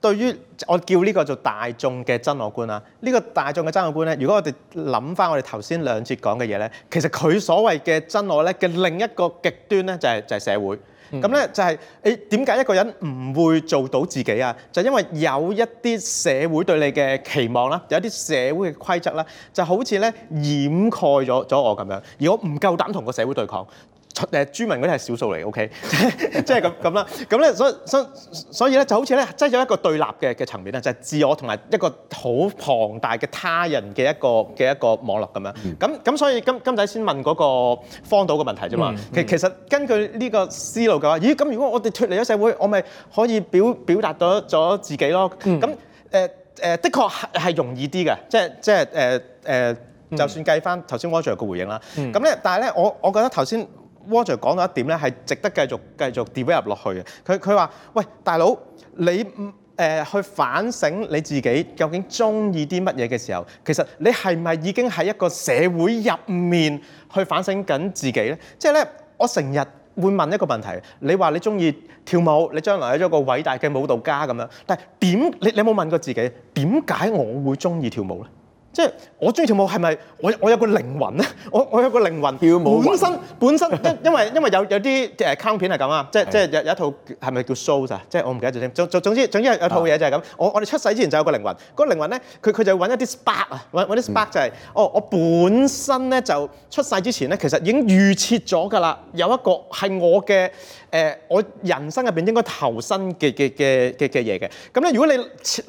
對於我叫呢個做大眾嘅真我觀啦，呢、這個大眾嘅真我觀咧，如果我哋諗翻我哋頭先兩節講嘅嘢咧，其實佢所謂嘅真我咧嘅另一個極端咧就係、是、就係、是、社會，咁咧、嗯、就係誒，點解一個人唔會做到自己啊？就是、因為有一啲社會對你嘅期望啦，有一啲社會嘅規則啦，就好似咧掩蓋咗咗我咁樣，而我唔夠膽同個社會對抗。誒居民嗰啲係少數嚟，OK，即係即係咁咁啦，咁咧，所以所所以咧就好似咧擠咗一個對立嘅嘅層面咧，就係、是、自我同埋一個好龐大嘅他人嘅一個嘅一個網絡咁樣，咁咁、mm. 所以今今仔先問嗰個荒島嘅問題啫嘛，其、mm. 其實根據呢個思路嘅話，咦咁如果我哋脫離咗社會，我咪可以表表達咗咗自己咯，咁誒誒的確係係容易啲嘅，即係即係誒誒，就算計翻頭先 Roger 嘅回應啦，咁咧、mm. 但係咧我我覺得頭先。Walter 講到一點咧，係值得繼續繼續 develop 落去嘅。佢佢話：喂，大佬，你誒、呃、去反省你自己究竟中意啲乜嘢嘅時候，其實你係咪已經喺一個社會入面去反省緊自己咧？即係咧，我成日會問一個問題：你話你中意跳舞，你將來係一個偉大嘅舞蹈家咁樣，但係點？你你有冇問過自己點解我會中意跳舞咧？即係我中意跳舞係咪？我我有個靈魂咧，我我有個靈魂， 靈魂跳舞本身本身因因為因為有有啲誒坑片係咁啊，即係 即係有有一套係咪叫 Soul 咋？即係我唔記得咗添。總總總之總之有套嘢就係咁。我我哋出世之前就有個靈魂，嗰個靈魂咧，佢佢就揾一啲 spark 啊，揾啲 spark 就係、是嗯、哦，我本身咧就出世之前咧，其實已經預設咗㗎啦，有一個係我嘅。誒，我人生入邊應該投身嘅嘅嘅嘅嘅嘢嘅，咁咧如果你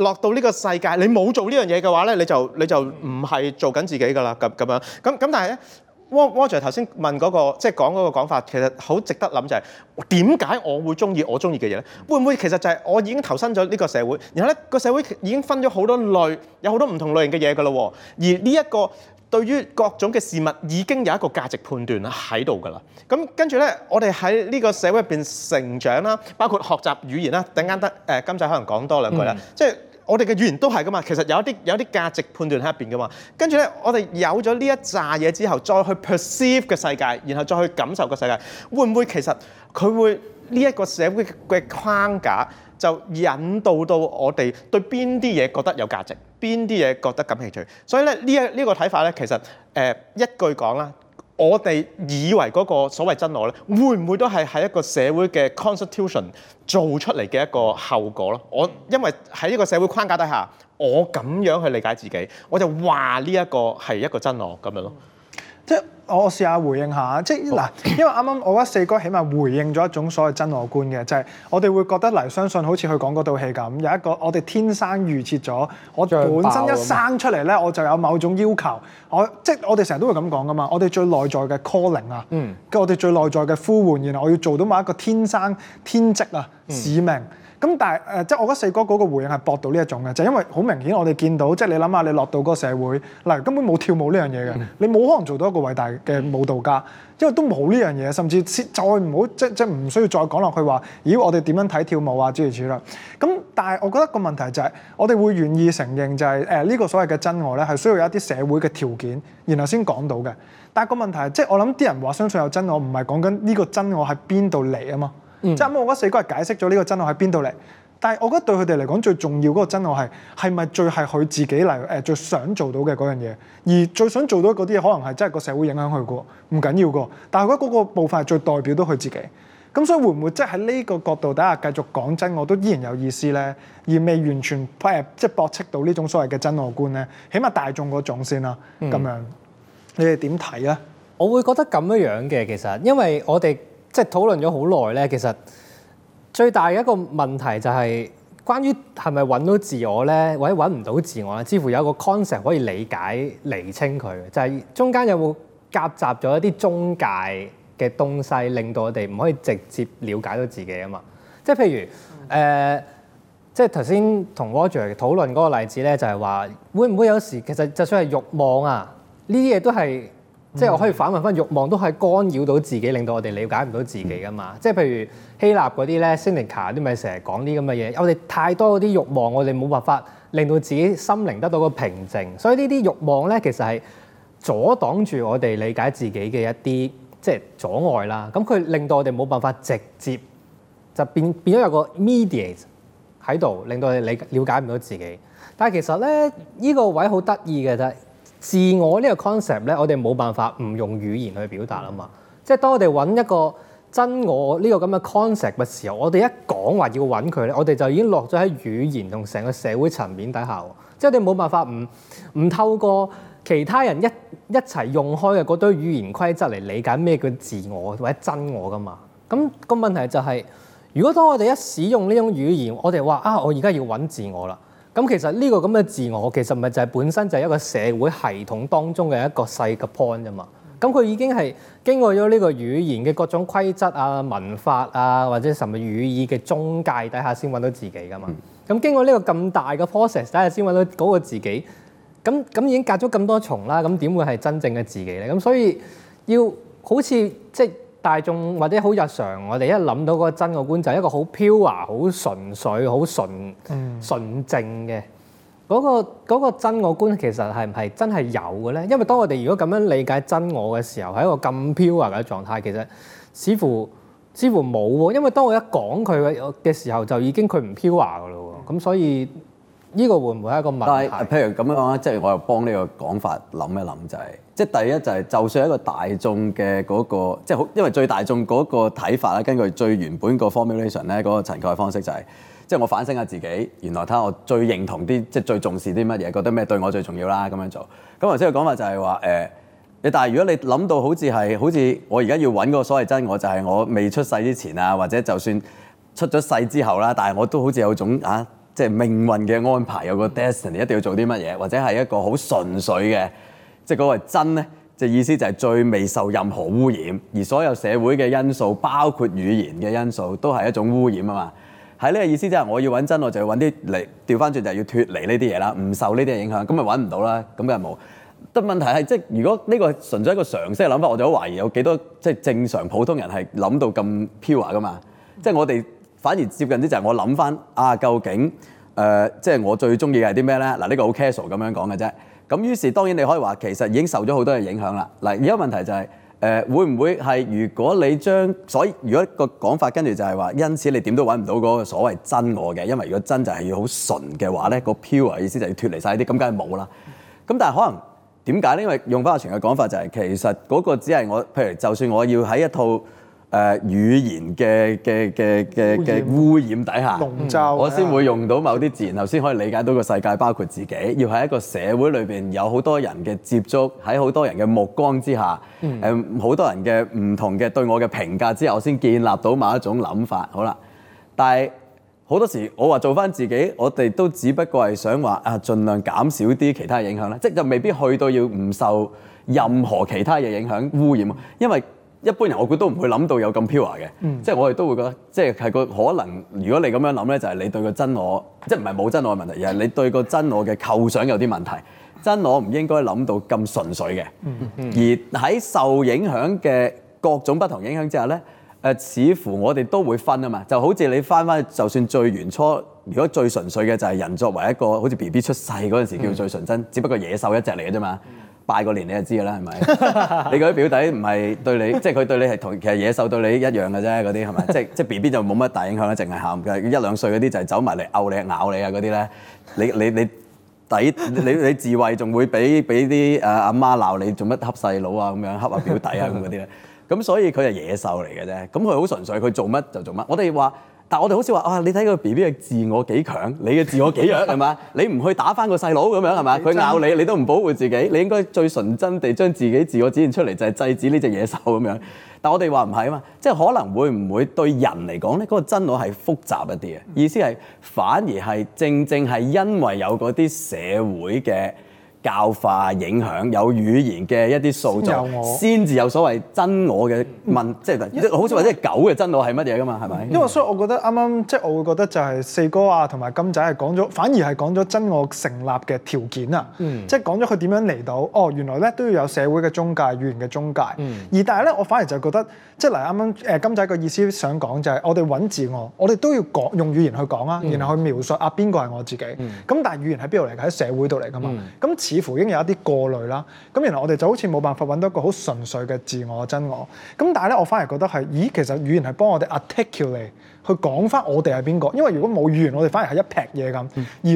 落到呢個世界，你冇做呢樣嘢嘅話咧，你就你就唔係做緊自己噶啦，咁咁樣，咁咁但係咧，沃沃傑頭先問嗰個，即係講嗰個講法，其實好值得諗就係點解我會鍾意我鍾意嘅嘢咧？會唔會其實就係我已經投身咗呢個社會，然後咧個社會已經分咗好多類，有好多唔同類型嘅嘢噶啦，而呢一個。對於各種嘅事物已經有一個價值判斷喺度㗎啦。咁跟住咧，我哋喺呢個社會入邊成長啦，包括學習語言啦。等間得誒、呃、金仔可能講多兩句啦。嗯、即係我哋嘅語言都係㗎嘛。其實有啲有啲價值判斷喺入邊㗎嘛。跟住咧，我哋有咗呢一紮嘢之後，再去 perceive 個世界，然後再去感受個世界，會唔會其實佢會呢一個社會嘅框架就引導到我哋對邊啲嘢覺得有價值？邊啲嘢覺得感興趣？所以咧呢一呢個睇、這個、法咧，其實誒、呃、一句講啦，我哋以為嗰個所謂真我咧，會唔會都係喺一個社會嘅 constitution 做出嚟嘅一個後果咯？我因為喺呢個社會框架底下，我咁樣去理解自己，我就話呢一個係一個真我咁樣咯。即我試下回應下，即嗱好，因為啱啱我覺得四哥起碼回應咗一種所謂真我觀嘅，就係、是、我哋會覺得嚟相信，好似佢講嗰套戲咁，有一個我哋天生預設咗，我本身一生出嚟咧，我就有某種要求，我即係我哋成日都會咁講噶嘛，我哋最內在嘅 calling 啊、嗯，跟住我哋最內在嘅呼喚，然後我要做到某一個天生天職啊、嗯、使命。咁但係誒、呃，即係我覺得四哥嗰個回應係駁到呢一種嘅，就係、因為好明顯我哋見到，即係你諗下，你落到個社會，嗱根本冇跳舞呢樣嘢嘅，你冇可能做到一個偉大嘅舞蹈家，因為都冇呢樣嘢，甚至再唔好即即係唔需要再講落去話，咦我哋點樣睇跳舞啊諸如此類,之類。咁但係我覺得個問題就係、係，我哋會願意承認就係誒呢個所謂嘅真我咧，係需要有一啲社會嘅條件，然後先講到嘅。但係個問題即、就、係、係、我諗啲人話相信有真我，唔係講緊呢個真我喺邊度嚟啊嘛。即、嗯、我覺得四個人解釋咗呢個真我喺邊度嚟，但係我覺得對佢哋嚟講最重要嗰個真我係係咪最係佢自己嚟誒、呃、最想做到嘅嗰樣嘢，而最想做到嗰啲嘢可能係真係個社會影響佢個，唔緊要個，但係佢覺得嗰個部分最代表到佢自己，咁所以會唔會即係喺呢個角度，底下繼續講真我都依然有意思咧，而未完全即係駁斥到呢種所謂嘅真我觀咧，起碼大眾嗰種先啦、啊，咁、嗯、樣你哋點睇咧？我會覺得咁樣樣嘅其實，因為我哋。即係討論咗好耐咧，其實最大嘅一個問題就係關於係咪揾到自我咧，或者揾唔到自我咧，似乎有一個 concept 可以理解釐清佢，就係、是、中間有冇夾雜咗一啲中介嘅東西，令到我哋唔可以直接了解到自己啊嘛。即係譬如誒、呃，即係頭先同 Roger 討論嗰個例子咧，就係、是、話會唔會有時其實就算係慾望啊，呢啲嘢都係。即係我可以反問翻，欲望都係干擾到自己，令到我哋了解唔到自己噶嘛？即係譬如希臘嗰啲咧 Seneca 啲咪成日講啲咁嘅嘢。我哋太多嗰啲欲望，我哋冇辦法令到自己心靈得到個平靜。所以呢啲欲望咧，其實係阻擋住我哋理解自己嘅一啲即係阻礙啦。咁佢令到我哋冇辦法直接就變變咗有個 mediate 喺度，令到我哋理解唔到自己。但係其實咧，呢、呢個位好得意嘅就係。自我呢個 concept 咧，我哋冇辦法唔用語言去表達啊嘛。即係當我哋揾一個真我呢個咁嘅 concept 嘅時候，我哋一講話要揾佢咧，我哋就已經落咗喺語言同成個社會層面底下。即係你冇辦法唔唔透過其他人一一齊用開嘅嗰堆語言規則嚟理解咩叫自我或者真我㗎嘛。咁個問題就係，如果當我哋一使用呢種語言，我哋話啊，我而家要揾自我啦。咁其實呢個咁嘅自我其實咪就係本身就係一個社會系統當中嘅一個細嘅 point 啫嘛。咁佢已經係經過咗呢個語言嘅各種規則啊、文法啊，或者甚至語意嘅中介底下先揾到自己噶嘛。咁、嗯、經過呢個咁大嘅 process，底下先揾到嗰個自己。咁咁已經隔咗咁多重啦，咁點會係真正嘅自己呢？咁所以要好似即大眾或者好日常，我哋一諗到嗰個真我觀，就係、是、一個好飄華、好純粹、好純純正嘅嗰、嗯嗰個嗰個真我觀。其實係唔係真係有嘅咧？因為當我哋如果咁樣理解真我嘅時候，係一個咁飄華嘅狀態，其實似乎似乎冇喎。因為當我一講佢嘅嘅時候，就已經佢唔飄華㗎喇喎。咁所以。呢個會唔會係一個問題？但譬如咁樣講咧，即係我又幫呢個講法諗一諗就係，即係第一就係，就算一個大眾嘅嗰個，即係好，因為最大眾嗰個睇法咧，根據最原本個 formulation 咧，嗰個陳舊方式就係，即係我反省下自己，原來睇下我最認同啲，即係最重視啲乜嘢，覺得咩對我最重要啦，咁樣做。咁頭先個講法就係話，誒，你但係如果你諗到好似係，好似我而家要揾個所謂真我，就係我未出世之前啊，或者就算出咗世之後啦，但係我都好似有種啊。即係命運嘅安排，有個 destiny 一定要做啲乜嘢，或者係一個好純粹嘅，即係嗰個真咧，即意思就係最未受任何污染，而所有社會嘅因素，包括語言嘅因素，都係一種污染啊嘛。喺呢個意思即係我要揾真，我就要揾啲嚟調翻轉，就要脱離呢啲嘢啦，唔受呢啲影響，咁咪揾唔到啦，咁梗係冇。但問題係即係如果呢個純粹一個常識嘅諗法，我就好懷疑有幾多即係正常普通人係諗到咁 pure 噶嘛？即係我哋。反而接近啲就係我諗翻啊，究竟誒、呃、即係我最中意嘅係啲咩呢？嗱、這個，呢個好 casual 咁樣講嘅啫。咁於是當然你可以話其實已經受咗好多人影響啦。嗱，而家問題就係、是、誒、呃、會唔會係如果你將所以如果個講法跟住就係話，因此你點都揾唔到嗰個所謂真我嘅，因為如果真就係要好純嘅話呢個 pure 意思就係要脱離晒啲，咁梗係冇啦。咁但係可能點解呢？因為用翻阿全嘅講法就係、是、其實嗰個只係我，譬如就算我要喺一套。誒、呃、語言嘅嘅嘅嘅嘅污染底下，嗯、我先會用到某啲字，然後先可以理解到個世界，包括自己。要喺一個社會裏邊有好多人嘅接觸，喺好多人嘅目光之下，誒好、嗯、多人嘅唔同嘅對我嘅評價之後，我先建立到某一種諗法。好啦，但係好多時我話做返自己，我哋都只不過係想話啊，盡量減少啲其他影響啦。即、就、係、是、就未必去到要唔受任何其他嘢影響污染，因為，一般人我估都唔會諗到有咁 pure 嘅，嗯、即係我哋都會覺得，即係係個可能。如果你咁樣諗呢，就係、係、你對個真我，即係唔係冇真我嘅問題，而係你對個真我嘅構想有啲問題。真我唔應該諗到咁純粹嘅，嗯嗯、而喺受影響嘅各種不同影響之下呢，誒、呃，似乎我哋都會分啊嘛。就好似你翻翻，就算最原初，如果最純粹嘅就係人作為一個，好似 B B 出世嗰陣時叫、嗯、最純真，只不過野獸一隻嚟嘅啫嘛。嗯大過年你就知㗎啦，係咪？ 你嗰啲表弟唔係對你，即係佢對你係同其實野獸對你一樣嘅啫，嗰啲係咪？ 即即 B B 就冇乜大影響啦，淨係喊嘅。一兩歲嗰啲就係走埋嚟咬你、咬你啊嗰啲咧。你你你抵你你自衞仲會俾俾啲誒阿媽鬧你，做乜恰細佬啊咁樣恰下表弟啊咁嗰啲咧。咁所以佢係野獸嚟嘅啫。咁佢好純粹，佢做乜就做乜。我哋話。但我哋好似話，哇、啊！你睇個 B B 嘅自我幾強，你嘅自我幾弱係嘛？ 你唔去打翻個細佬咁樣係嘛？佢咬你，你都唔保護自己，你應該最純真地將自己自我展現出嚟，就係制止呢隻野獸咁樣。但我哋話唔係啊嘛，即係可能會唔會對人嚟講咧，嗰、那個真我係複雜一啲嘅意思係，反而係正正係因為有嗰啲社會嘅。教化影響有語言嘅一啲塑造，先至有，我有所謂真我嘅問，嗯、即係好似或者狗嘅真我係乜嘢噶嘛？係咪？因為、嗯、所以，我覺得啱啱即係我會覺得就係四哥啊同埋金仔係講咗，反而係講咗真我成立嘅條件啊！即係講咗佢點樣嚟到哦，原來咧都要有社會嘅中介、語言嘅中介，嗯、而但係咧我反而就覺得即係嚟啱啱誒金仔個意思想講就係我哋揾自我，我哋都要講用語言去講啊，然後去描述啊邊個係我自己咁，嗯、但係語言喺邊度嚟㗎？喺社會度嚟㗎嘛？咁、嗯。嗯似乎已經有一啲過濾啦，咁原來我哋就好似冇辦法搵到一個好純粹嘅自我真我。咁但係咧，我反而覺得係，咦，其實語言係幫我哋 articulate 去講翻我哋係邊個。因為如果冇語言，我哋反而係一劈嘢咁，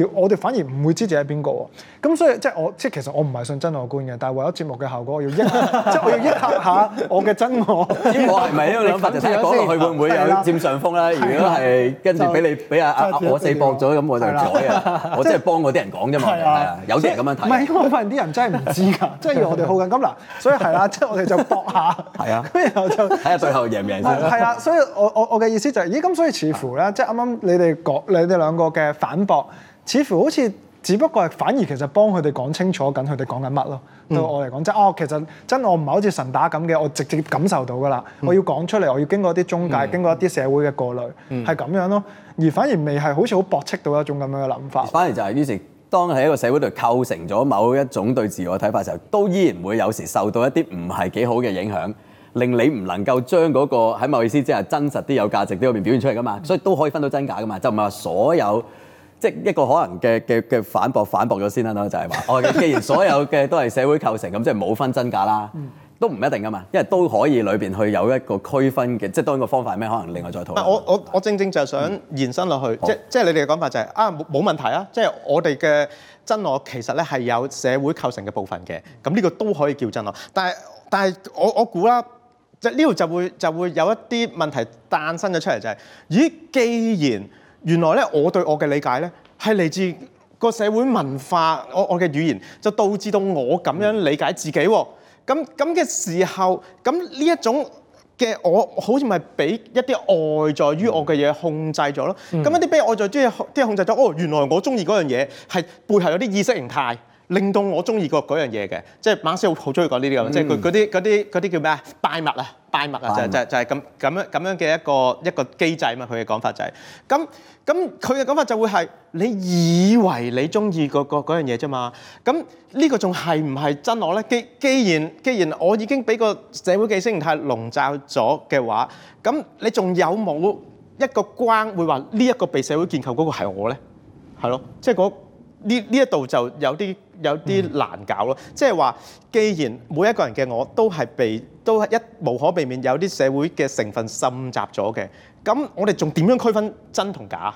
而我哋反而唔會知自己係邊個喎。咁所以即係我即係其實我唔係信真我觀嘅，但係為咗節目嘅效果，我要 即係我要一刻下我嘅真我。我係咪呢個諗法？就睇下講落去會唔會有佔上風咧？啊、如果係跟住俾就你俾阿阿我四博咗咁，我就左啊！我即係幫嗰啲人講啫嘛，有啲人咁樣睇。我發現啲人真係唔知㗎，真係要我哋好緊。咁嗱，所以係啦，即係我哋就搏下。係啊，咁然後就睇下最後贏唔贏先。係啊，所以我我我嘅意思就係，咦？咁所以似乎咧，即係啱啱你哋講，你哋兩個嘅反駁，似乎好似只不過係反而其實幫佢哋講清楚緊，佢哋講緊乜咯。對我嚟講，即係哦，其實真我唔係好似神打咁嘅，我直接感受到㗎啦。我要講出嚟，我要經過啲中介，經過一啲社會嘅過濾，係咁樣咯。而反而未係好似好駁斥到一種咁樣嘅諗法。反而就係呢隻。當喺一個社會度構成咗某一種對自我睇法時候，都依然會有時受到一啲唔係幾好嘅影響，令你唔能夠將嗰個喺某意思之下真實啲、有價值啲嗰邊表現出嚟噶嘛，所以都可以分到真假噶嘛，就唔係話所有即一個可能嘅嘅嘅反駁反駁咗先啦，就係話哦，既然所有嘅都係社會構成咁，即係冇分真假啦。嗯都唔一定噶嘛，因為都可以裏邊去有一個區分嘅，即係當然個方法係咩？可能另外再討論。我我我正正就係想延伸落去，嗯、即好即係你哋嘅講法就係、是、啊冇冇問題啊！即係我哋嘅真我其實咧係有社會構成嘅部分嘅，咁呢個都可以叫真我。但係但係我我估啦，即係呢度就會就會有一啲問題誕生咗出嚟、就是，就係咦？既然原來咧我對我嘅理解咧係嚟自個社會文化，我我嘅語言就導致到我咁樣理解自己喎、啊。嗯咁咁嘅時候，咁呢一種嘅我，好似咪俾一啲外在於我嘅嘢控制咗咯。咁、嗯、一啲俾外在啲嘢啲嘢控制咗，哦，原來我中意嗰樣嘢係背後有啲意識形態。令到我中意過嗰樣嘢嘅，即係馬斯好好中意講呢啲咁，嗯、即係佢嗰啲啲啲叫咩啊？拜物啊，拜物啊密、就係，就就就係咁咁樣咁樣嘅一個一個機制嘛。佢嘅講法就係咁咁，佢嘅講法就會係你以為你中意個個嗰樣嘢啫嘛。咁呢個仲係唔係真我咧？既既然既然我已經俾個社會嘅生態籠罩咗嘅話，咁你仲有冇一個關會話呢一個被社會建構嗰個係我咧？係咯，即係呢呢一度就有啲有啲難搞咯，嗯、即係話，既然每一個人嘅我都係被都一無可避免有啲社會嘅成分滲雜咗嘅，咁我哋仲點樣區分真同假？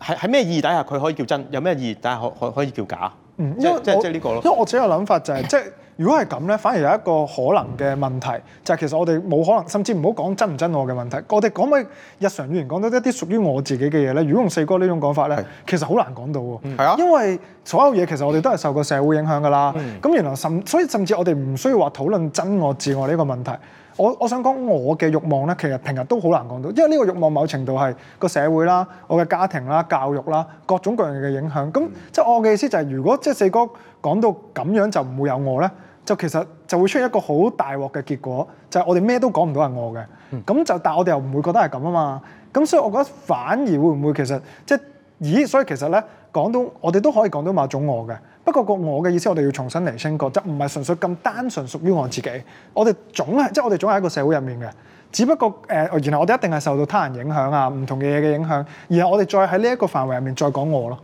係喺咩意義底下佢可以叫真？有咩意義底下可可可以叫假？嗯，即因即即係呢個咯。因為我自己嘅諗法就係、是、 即。如果係咁呢，反而有一個可能嘅問題，嗯、就係其實我哋冇可能，甚至唔好講真唔真的我嘅問題。我哋講起日常語言講到一啲屬於我自己嘅嘢呢，如果用四哥呢種講法呢，是其實好難講到喎。嗯、因為所有嘢其實我哋都係受個社會影響㗎啦。咁、嗯、原來甚，所以甚至我哋唔需要話討論真我、自我呢一個問題。我我想講我嘅欲望呢，其實平日都好難講到，因為呢個欲望某程度係個社會啦、我嘅家庭啦、教育啦、各種各樣嘅影響。咁、嗯、即係我嘅意思就係、是，如果即係四哥講到咁樣，就唔會有我呢。就其實就會出現一個好大鑊嘅結果，就係、是、我哋咩都講唔到係我嘅，咁、嗯、就但係我哋又唔會覺得係咁啊嘛，咁所以我覺得反而會唔會其實即係，咦？所以其實咧講到我哋都可以講到某種我嘅，不過個我嘅意思我哋要重新釐清過，即唔係純粹咁單純屬於我自己，我哋總係即係我哋總係一個社會入面嘅，只不過誒，然、呃、後我哋一定係受到他人影響啊，唔同嘅嘢嘅影響，然後我哋再喺呢一個範圍入面再講我咯。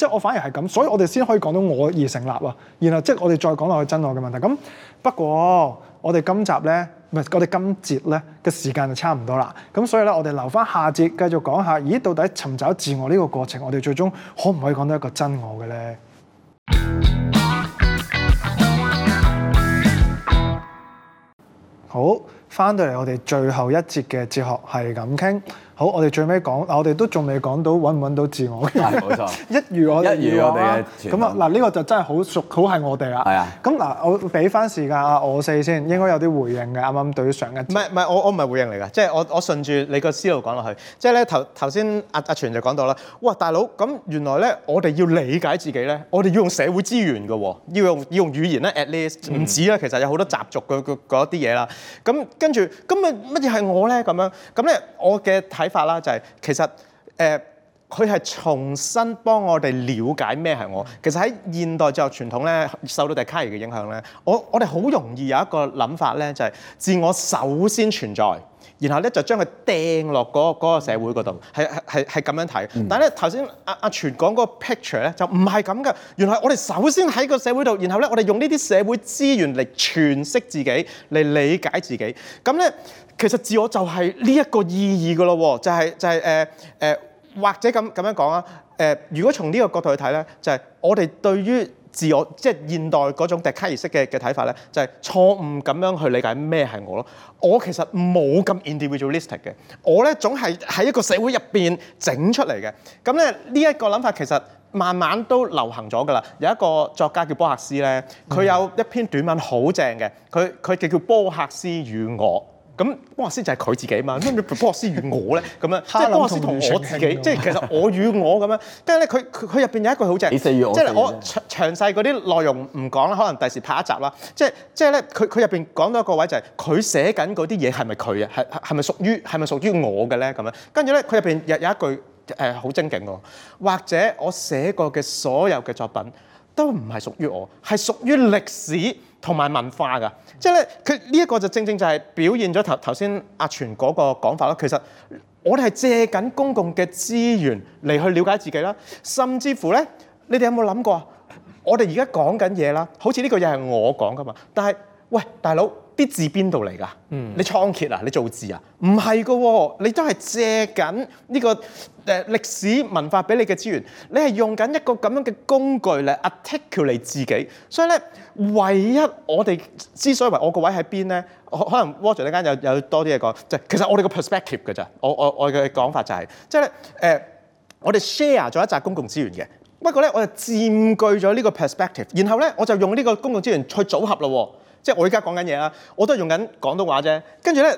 即係我反而係咁，所以我哋先可以講到我而成立啊。然後即係我哋再講落去，真我嘅問題。咁不過我哋今集咧，唔係我哋今節咧嘅時間就差唔多啦。咁所以咧，我哋留翻下節繼續講下，咦，到底尋找自我呢個過程，我哋最終可唔可以講到一個真我嘅咧？好，翻到嚟我哋最後一節嘅哲學係咁傾。好，我哋最尾講，我哋都仲未講到揾唔揾到自我嘅。一如我一如我哋嘅，咁啊嗱呢個就真係好熟，好係我哋啦。係啊。咁嗱，我俾翻時間阿我四先，應該有啲回應嘅。啱啱對上一節。唔係唔係，我我唔係回應嚟㗎，即係我我順住你個思路講落去。即係咧，頭頭先阿阿全就講到啦。哇，大佬咁原來咧，我哋要理解自己咧，我哋要用社會資源㗎喎，要用要用語言咧，at least 唔止啊，其實有好多習俗嘅嘅嗰一啲嘢啦。咁跟住咁啊乜嘢係我咧咁樣？咁咧我嘅睇。法啦，就係其實誒，佢係重新幫我哋了解咩係我。其實喺現代就傳統咧，受到迪卡爾嘅影響咧，我我哋好容易有一個諗法咧，就係自我首先存在，然後咧就將佢掟落嗰個社會嗰度，係係係咁樣睇。但係咧頭先阿阿全講嗰個 picture 咧，就唔係咁噶。原來我哋首先喺個社會度，然後咧我哋用呢啲社會資源嚟詮釋自己，嚟理解自己。咁咧。其實自我就係呢一個意義噶咯，就係、是、就係誒誒，或者咁咁樣講啊，誒、呃，如果從呢個角度去睇咧，就係、是、我哋對於自我即係、就是、現代嗰種笛卡兒式嘅嘅睇法咧，就係錯誤咁樣去理解咩係我咯。我其實冇咁 individualistic 嘅，我咧總係喺一個社會入邊整出嚟嘅。咁咧呢一、這個諗法其實慢慢都流行咗噶啦。有一個作家叫波克斯咧，佢有一篇短文好正嘅，佢佢就叫波克斯與我。咁波赫士就係佢自己嘛，咩？你波赫士與我咧，咁樣即係波赫士同我自己，即係 其實我與我咁樣。跟住咧，佢佢入邊有一句好正，即係 我長詳細嗰啲內容唔講啦，可能第時拍一集啦。即係即係咧，佢佢入邊講到一個位就係佢寫緊嗰啲嘢係咪佢啊？係係咪屬於係咪屬於我嘅咧？咁樣跟住咧，佢入邊又有一句誒好精警喎，或者我寫過嘅所有嘅作品都唔係屬於我，係屬於歷史。同埋文化噶，即係咧，佢呢一個就正正就係表現咗頭頭先阿全嗰個講法咯。其實我哋係借緊公共嘅資源嚟去了解自己啦，甚至乎咧，你哋有冇諗過？我哋而家講緊嘢啦，好似呢個嘢係我講噶嘛，但係喂，大佬。啲字邊度嚟㗎？嗯、你倉頡啊？你造字啊？唔係噶喎，你都係借緊呢、這個誒歷、呃、史文化俾你嘅資源，你係用緊一個咁樣嘅工具嚟 articulate 自己。所以咧，唯一我哋之所以話我個位喺邊咧，可能 Walter 呢間有有多啲嘢講，即、就、係、是、其實我哋個 perspective 㗎咋。我我我嘅講法就係、是，即係咧誒，我哋 share 咗一紮公共資源嘅，不過咧我就佔據咗呢個 perspective，然後咧我就用呢個公共資源去組合啦喎。即係我依家講緊嘢啊！我都係用緊廣東話啫。跟住咧，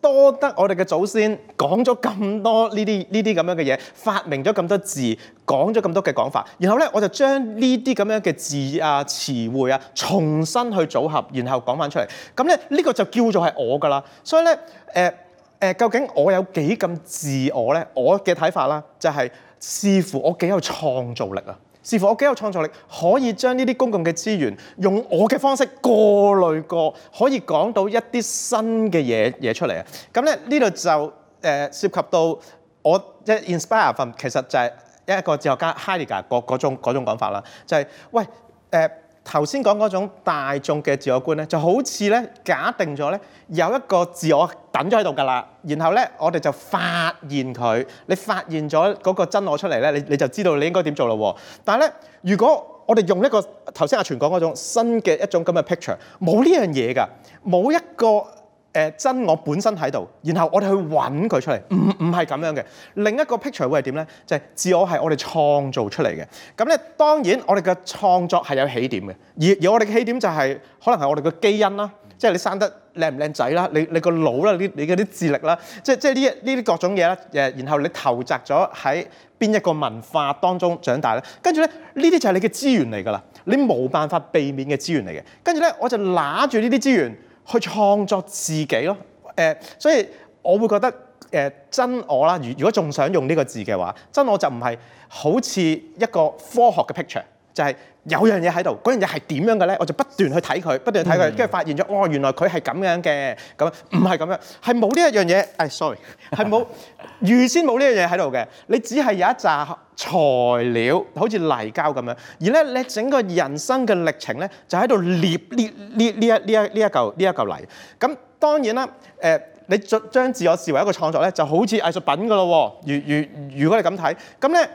多得我哋嘅祖先講咗咁多呢啲呢啲咁樣嘅嘢，發明咗咁多字，講咗咁多嘅講法。然後咧，我就將呢啲咁樣嘅字啊、詞彙啊，重新去組合，然後講返出嚟。咁咧，呢、呢個就叫做係我㗎啦。所以咧，誒、呃、誒、呃，究竟我有幾咁自我咧？我嘅睇法啦、就係，就係視乎我幾有創造力啊！似乎我幾有創造力，可以將呢啲公共嘅資源用我嘅方式過濾過，可以講到一啲新嘅嘢嘢出嚟啊！咁咧呢度就誒、呃、涉及到我即係 inspire from，其實就係一個哲學家 Heidegger 嗰種講法啦，就係、是、喂誒。呃頭先講嗰種大眾嘅自我觀咧，就好似咧假定咗咧有一個自我等咗喺度㗎啦，然後咧我哋就發現佢，你發現咗嗰個真我出嚟咧，你你就知道你應該點做咯喎。但係咧，如果我哋用呢個頭先阿全講嗰種新嘅一種咁嘅 picture，冇呢樣嘢㗎，冇一個。誒真我本身喺度，然後我哋去揾佢出嚟，唔唔係咁樣嘅。另一個 picture 會係點咧？就係自我係我哋創造出嚟嘅。咁咧當然我哋嘅創作係有起點嘅，而而我哋嘅起點就係可能係我哋嘅基因啦，即係你生得靚唔靚仔啦，你你個腦啦，你你嗰啲智力啦，即係即係呢一呢啲各種嘢啦。誒，然後你投擲咗喺邊一個文化當中長大咧，跟住咧呢啲就係你嘅資源嚟㗎啦，你冇辦法避免嘅資源嚟嘅。跟住咧我就揦住呢啲資源。去創作自己咯，誒、呃，所以我會覺得誒、呃、真我啦。如如果仲想用呢個字嘅話，真我就唔係好似一個科學嘅 picture。就係有、那個、樣嘢喺度，嗰樣嘢係點樣嘅咧？我就不斷去睇佢，不斷去睇佢，跟住發現咗，哦，原來佢係咁樣嘅，咁樣唔係咁樣，係冇呢一樣嘢。誒、哎、，sorry，係冇預先冇呢樣嘢喺度嘅。你只係有一紮材料，好似泥膠咁樣。而咧，你整個人生嘅歷程咧，就喺度捏捏捏呢一呢一呢一嚿呢一嚿泥。咁當然啦，誒、呃，你將自我視為一個創作咧，就好似藝術品噶咯。如如如果你咁睇，咁咧，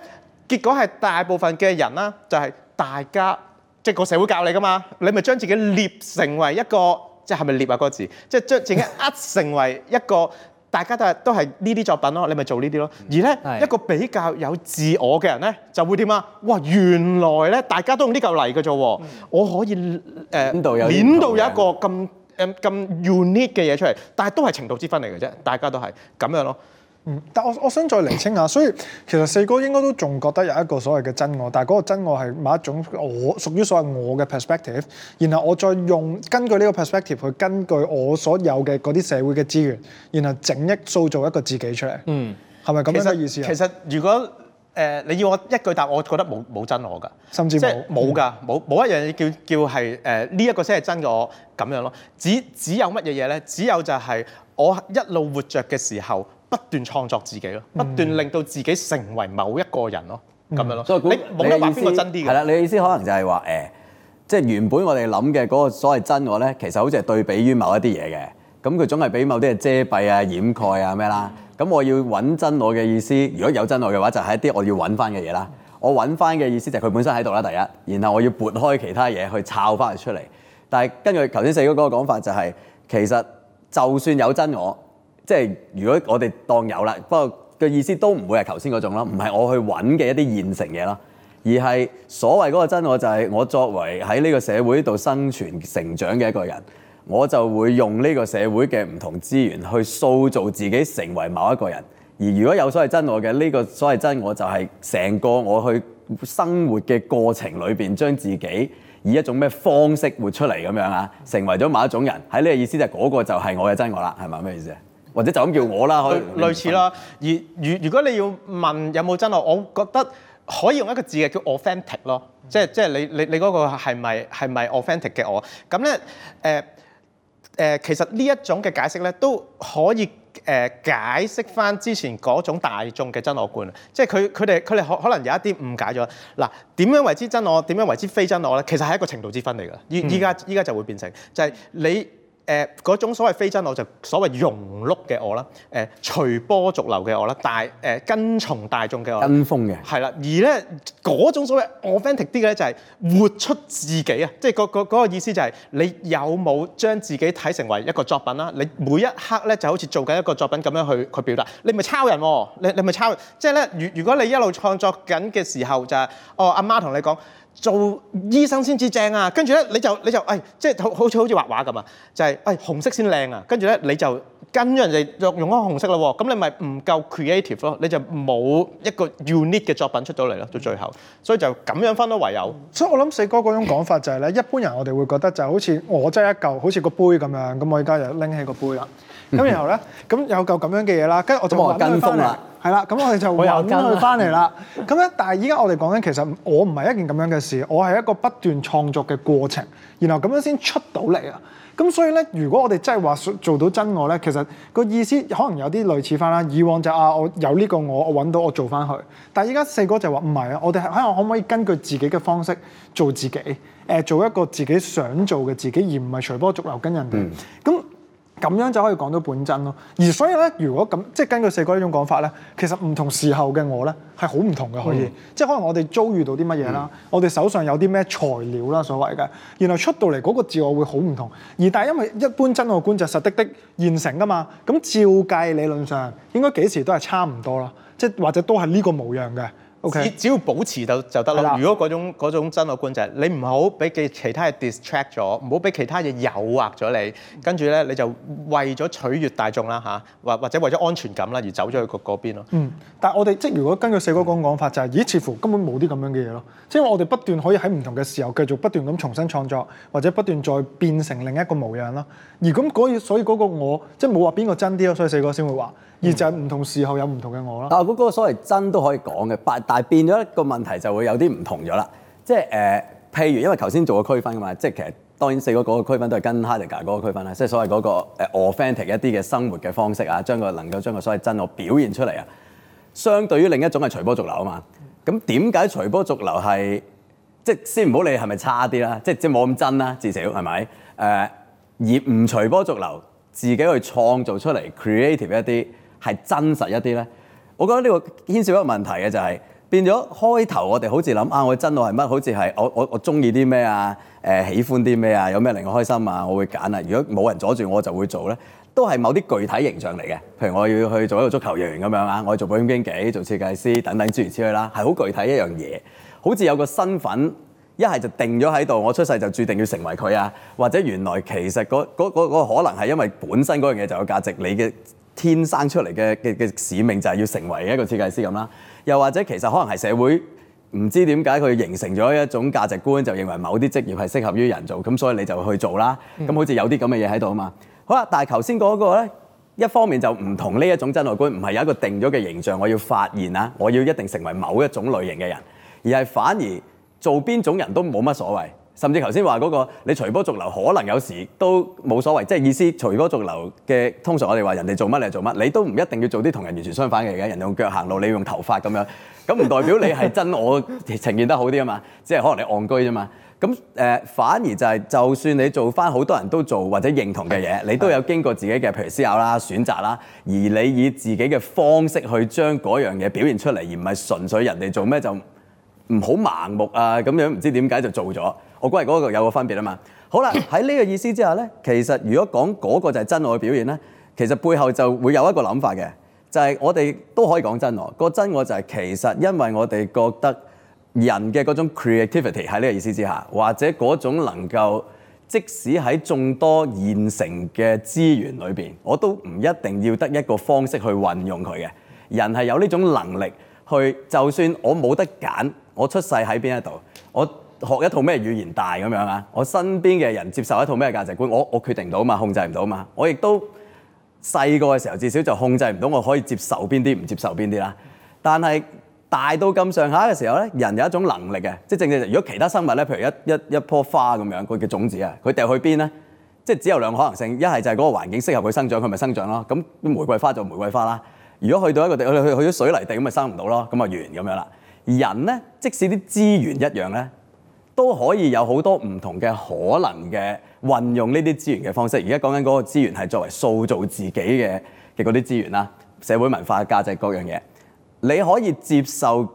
結果係大部分嘅人啦，就係、是。大家即個社會教你㗎嘛，你咪將自己捏成為一個，即係咪捏啊，那個字，即係將自己呃成為一個 大家都係都係呢啲作品咯，你咪做呢啲咯。而咧是一個比較有自我嘅人咧，就會點啊？哇，原來咧大家都用呢嚿泥嘅啫，嗯、我可以，呃、度有？搣到有一個咁誒咁 unique 嘅嘢出嚟，但係都係程度之分嚟嘅啫，大家都係咁樣咯。嗯，但我我想再釐清下，所以其實四哥應該都仲覺得有一個所謂嘅真我，但係嗰個真我係某一種我屬於所謂我嘅 perspective，然後我再用根據呢個 perspective 去根據我所有嘅嗰啲社會嘅資源，然後整一塑造一個自己出嚟。嗯，係咪咁樣嘅意思啊？其實如果誒、呃、你要我一句答，我覺得冇冇真我㗎，甚至冇冇㗎，冇冇一樣嘢叫叫係誒呢一個先係真我咁樣咯。只只有乜嘢嘢咧？只有就係我一路活著嘅時候，不斷創作自己咯，不斷令到自己成為某一個人咯，咁樣咯。所以你冇得話邊個真啲嘅？係啦，你嘅意思可能就係話誒，即、欸、係、就是、原本我哋諗嘅嗰個所謂真我咧，其實好似係對比於某一啲嘢嘅。咁佢總係俾某啲嘢遮蔽啊、掩蓋啊咩啦。咁我要揾真我嘅意思，如果有真我嘅話，就係一啲我要揾翻嘅嘢啦。我揾翻嘅意思就係佢本身喺度啦，第一。然後我要撥開其他嘢去摷翻佢出嚟。但係根據頭先四哥嗰個講法，就是，就係其實就算有真我，即係如果我哋當有啦，不過個意思都唔會係頭先嗰種啦，唔係我去揾嘅一啲現成嘢啦，而係所謂嗰個真我，就係我作為喺呢個社會度生存成長嘅一個人，我就會用呢個社會嘅唔同資源去塑造自己成為某一個人。而如果有所謂真我嘅，呢個所謂真我，就係成個我去生活嘅過程裏邊，將自己以一種咩方式活出嚟咁樣啊，成為咗某一種人。喺呢個意思就係嗰個就係我嘅真我啦，係咪？咩意思？或者就咁叫我啦，可以類似啦。而如如果你要問有冇真我？我覺得可以用一個字嘅叫 authentic 咯，即係即係你你你嗰個係咪係咪 authentic 嘅我？咁咧誒誒，其實呢一種嘅解釋咧，都可以誒、呃、解釋翻之前嗰種大眾嘅真我觀。即係佢佢哋佢哋可可能有一啲誤解咗。嗱點樣為之真我？點樣為之非真我咧？其實係一個程度之分嚟㗎。依依家依家就會變成就係、是、你。誒嗰、呃、種所謂非真我就是、所謂融碌嘅我啦，誒、呃、隨波逐流嘅我啦，大誒、呃、跟從大眾嘅我跟風嘅係啦，而咧嗰種所謂 authentic 啲嘅咧就係活出自己啊！即、就、係、是、個、那個嗰、那個意思就係你有冇將自己睇成為一個作品啦？你每一刻咧就好似做緊一個作品咁樣去去表達，你咪抄人喎、哦！你你咪抄人。即係咧如如果你一路創作緊嘅時候就係、是、哦阿媽同你講。做醫生先至正啊！跟住咧，你就你就誒，即係好好似好似畫畫咁啊，就係誒紅色先靚啊！跟住咧，你就跟咗人哋用咗紅色咯喎，咁你咪唔夠 creative 咯，你就冇一個 unique 嘅作品出到嚟咯，到最後，所以就咁樣分咯，唯有。所以我諗四哥嗰種講法就係咧，一般人我哋會覺得就係好似我真係一嚿，好似個杯咁樣。咁我而家就拎起個杯啦。咁然後咧，咁有嚿咁樣嘅嘢啦。跟住我都冇跟風啦。係啦，咁我哋就揾佢翻嚟啦。咁咧，但係依家我哋講緊，其實我唔係一件咁樣嘅事，我係一個不斷創作嘅過程，然後咁樣先出到嚟啊。咁所以咧，如果我哋真係話做到真我咧，其實個意思可能有啲類似翻啦。以往就係、啊，我有呢個我，我揾到我做翻去。但係依家四哥就話唔係啊，我哋喺度，可唔可以根據自己嘅方式做自己？誒、呃，做一個自己想做嘅自己，而唔係隨波逐流跟人哋。咁、嗯咁樣就可以講到本真咯。而所以咧，如果咁即係根據四哥呢種講法咧，其實唔同時候嘅我咧係好唔同嘅。可以，嗯、即係可能我哋遭遇到啲乜嘢啦，嗯、我哋手上有啲咩材料啦，所謂嘅，然後出到嚟嗰個自我會好唔同。而但係因為一般真我觀就實的的現成㗎嘛，咁照計理論上應該幾時都係差唔多啦，即係或者都係呢個模樣嘅。只 Okay. 只要保持就就得啦。的如果嗰種嗰種真我觀就係、是、你唔好俾其他嘢 distract 咗，唔好俾其他嘢誘惑咗你。跟住咧，你就為咗取悅大眾啦，嚇，或或者為咗安全感啦而走咗去嗰邊咯。嗯，但係我哋即係如果根據四哥講講法就係、是，咦？似乎根本冇啲咁樣嘅嘢咯。即係我哋不斷可以喺唔同嘅時候繼續不斷咁重新創作，或者不斷再變成另一個模樣咯。而咁所以嗰個我即係冇話邊個真啲咯，所以四哥先會話。而就係唔同時候有唔同嘅我咯、嗯。但係嗰個所謂真都可以講嘅，但係變咗一個問題就會有啲唔同咗啦。即係誒、呃，譬如因為頭先做個區分嘅嘛，即係其實當然四個嗰個區分都係跟 Heidegger 嗰個區分啦，即係所謂嗰、那個、呃、authentic 一啲嘅生活嘅方式啊，將個能夠將個所謂真我表現出嚟啊。相對於另一種係隨波逐流啊嘛，咁點解隨波逐流係即係先唔好理係咪差啲啦，即係即係冇咁真啦、啊，至少係咪誒？而唔隨波逐流，自己去創造出嚟 creative 一啲。係真實一啲呢。我覺得呢個牽涉一個問題嘅就係變咗開頭，我哋好似諗啊，我真我係乜？好似係我我我中意啲咩啊？誒喜歡啲咩啊？有咩令我開心啊？我會揀啊！如果冇人阻住我，就會做呢。都係某啲具體形象嚟嘅。譬如我要去做一個足球員咁樣啊，我做保險經紀、做設計師等等諸如此類啦，係好具體一樣嘢。好似有個身份，一係就定咗喺度，我出世就注定要成為佢啊。或者原來其實嗰嗰可能係因為本身嗰樣嘢就有價值，你嘅。天生出嚟嘅嘅嘅使命就係要成為一個設計師咁啦，又或者其實可能係社會唔知點解佢形成咗一種價值觀，就認為某啲職業係適合於人做，咁所以你就去做啦。咁、嗯、好似有啲咁嘅嘢喺度啊嘛。好啦，但係頭先講嗰個呢，一方面就唔同呢一種真我觀，唔係有一個定咗嘅形象，我要發現啊，我要一定成為某一種類型嘅人，而係反而做邊種人都冇乜所謂。甚至頭先話嗰個你隨波逐流，可能有時都冇所謂，即係意思隨波逐流嘅。通常我哋話人哋做乜你做乜，你都唔一定要做啲同人完全相反嘅嘢嘅。人用腳行路，你用頭髮咁樣，咁唔代表你係真 我呈現得好啲啊嘛。即係可能你戇居啫嘛。咁誒、呃，反而就係、是、就算你做翻好多人都做或者認同嘅嘢，你都有經過自己嘅譬如思考啦、選擇啦，而你以自己嘅方式去將嗰樣嘢表現出嚟，而唔係純粹人哋做咩就。唔好盲目啊！咁樣唔知點解就做咗，我覺得嗰個有個分別啊嘛。好啦，喺呢個意思之下呢，其實如果講嗰個就係真我嘅表現呢，其實背後就會有一個諗法嘅，就係我哋都可以講真我，個真我就係其實因為我哋覺得人嘅嗰種 creativity 喺呢個意思之下，或者嗰種能夠即使喺眾多現成嘅資源裏邊，我都唔一定要得一個方式去運用佢嘅。人係有呢種能力去，就算我冇得揀。我出世喺邊一度，我學一套咩語言大咁樣啊？我身邊嘅人接受一套咩價值觀，我我決定到嘛，控制唔到嘛。我亦都細個嘅時候，至少就控制唔到我可以接受邊啲，唔接受邊啲啦。但係大到咁上下嘅時候咧，人有一種能力嘅，即係正如果其他生物咧，譬如一一一樖花咁樣，佢嘅種子啊，佢掉去邊咧，即係只有兩個可能性，一係就係嗰個環境適合佢生長，佢咪生長咯。咁玫瑰花就玫瑰花啦。如果去到一個地，去去咗水泥地，咁咪生唔到咯，咁咪完咁樣啦。人呢，即使啲資源一樣呢，都可以有好多唔同嘅可能嘅運用呢啲資源嘅方式。而家講緊嗰個資源係作為塑造自己嘅嘅嗰啲資源啦，社會文化價值各樣嘢，你可以接受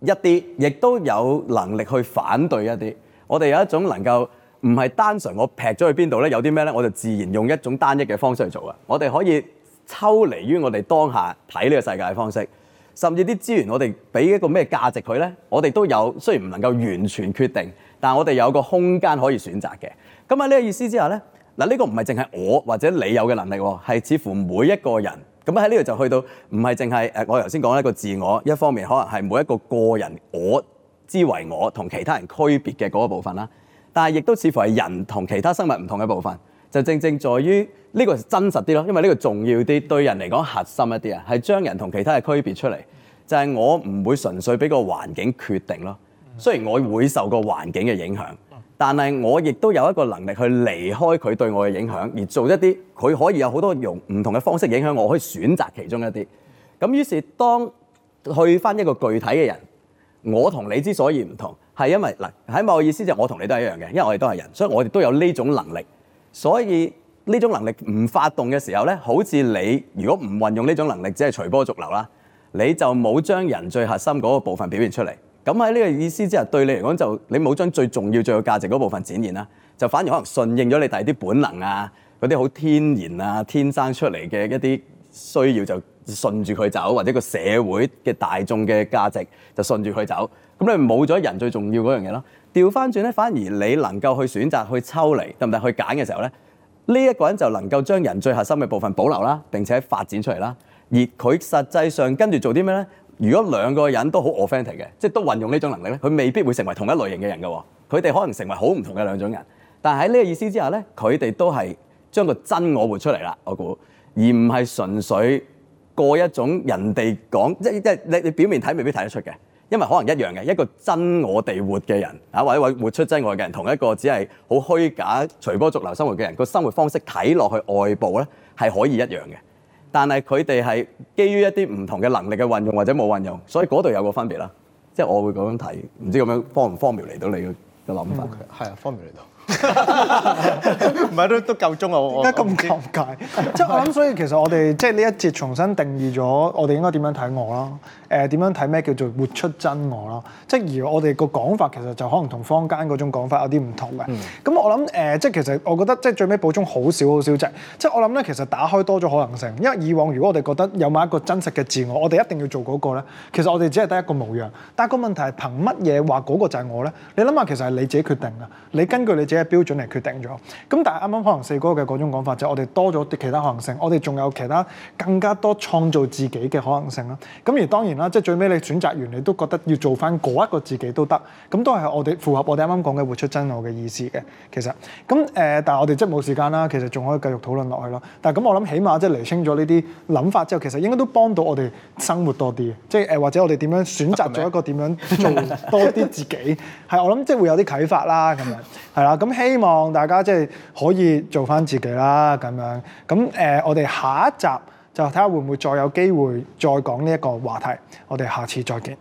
一啲，亦都有能力去反對一啲。我哋有一種能夠唔係單純我劈咗去邊度呢？有啲咩呢？我就自然用一種單一嘅方式去做啊。我哋可以抽離於我哋當下睇呢個世界嘅方式。甚至啲資源，我哋俾一個咩價值佢呢？我哋都有，雖然唔能夠完全決定，但係我哋有個空間可以選擇嘅。咁喺呢個意思之下呢，嗱、這、呢個唔係淨係我或者你有嘅能力，係似乎每一個人。咁喺呢度就去到，唔係淨係我頭先講一個自我，一方面，可能係每一個個人我之為我同其他人區別嘅嗰個部分啦，但係亦都似乎係人同其他生物唔同嘅部分。就正正在於呢個係真實啲咯，因為呢個重要啲對人嚟講核心一啲啊，係將人同其他嘅區別出嚟。就係我唔會純粹俾個環境決定咯，雖然我會受個環境嘅影響，但係我亦都有一個能力去離開佢對我嘅影響，而做一啲佢可以有好多用唔同嘅方式影響我，我可以選擇其中一啲。咁於是當去翻一個具體嘅人，我同你之所以唔同係因為嗱，喺某個意思就係我同你都係一樣嘅，因為我哋都係人，所以我哋都有呢種能力。所以呢種能力唔發動嘅時候呢，好似你如果唔運用呢種能力，只係隨波逐流啦，你就冇將人最核心嗰個部分表現出嚟。咁喺呢個意思之下，對你嚟講就你冇將最重要最有價值嗰部分展現啦，就反而可能順應咗你第二啲本能啊，嗰啲好天然啊、天生出嚟嘅一啲需要就順住佢走，或者個社會嘅大眾嘅價值就順住佢走，咁你冇咗人最重要嗰樣嘢囉。調翻轉咧，反而你能夠去選擇去抽離，得唔得？去揀嘅時候咧，呢一個人就能夠將人最核心嘅部分保留啦，並且發展出嚟啦。而佢實際上跟住做啲咩咧？如果兩個人都好 authentic 嘅，即係都運用呢種能力咧，佢未必會成為同一類型嘅人嘅。佢哋可能成為好唔同嘅兩種人。但喺呢個意思之下咧，佢哋都係將個真我活出嚟啦。我估，而唔係純粹過一種人哋講，即即係你你表面睇未必睇得出嘅。因為可能一樣嘅一個真我哋活嘅人，嚇、啊、或者話活出真我嘅人，同一個只係好虛假隨波逐流生活嘅人，個生活方式睇落去外部咧係可以一樣嘅，但係佢哋係基於一啲唔同嘅能力嘅運用或者冇運用，所以嗰度有個分別啦。即、就、係、是、我會咁樣睇，唔知咁樣方唔方便嚟到你嘅諗法？係啊、嗯，方便嚟到，唔係都都夠鐘啊！我點解咁尷尬？我諗 所以其實我哋即係呢一節重新定義咗，我哋應該點樣睇我啦？誒點、呃、樣睇咩叫做活出真我咯？即係而我哋個講法其實就可能同坊間嗰種講法有啲唔同嘅。咁、嗯嗯、我諗誒、呃，即係其實我覺得即係最尾補充好少好少啫。即係我諗咧，其實打開多咗可能性。因為以往如果我哋覺得有某一個真實嘅自我，我哋一定要做嗰、那個咧，其實我哋只係得一個模樣。但係個問題係憑乜嘢話嗰個就係我咧？你諗下，其實係你自己決定㗎。你根據你自己嘅標準嚟決定咗。咁但係啱啱可能四哥嘅嗰種講法就係我哋多咗其他可能性，我哋仲有其他更加多創造自己嘅可能性啦。咁而當然啊！即最尾你選擇完，你都覺得要做翻嗰一個自己都得，咁都係我哋符合我哋啱啱講嘅活出真我嘅意思嘅。其實咁誒、呃，但係我哋即冇時間啦。其實仲可以繼續討論落去咯。但係咁，我諗起碼即釐清咗呢啲諗法之後，其實應該都幫到我哋生活多啲嘅。即誒、呃，或者我哋點樣選擇咗一個點樣做多啲自己，係 我諗即會有啲啟發啦。咁樣係 啦。咁希望大家即可以做翻自己啦。咁樣咁誒、呃，我哋下一集。就睇下會唔會再有機會再講呢一個話題，我哋下次再見。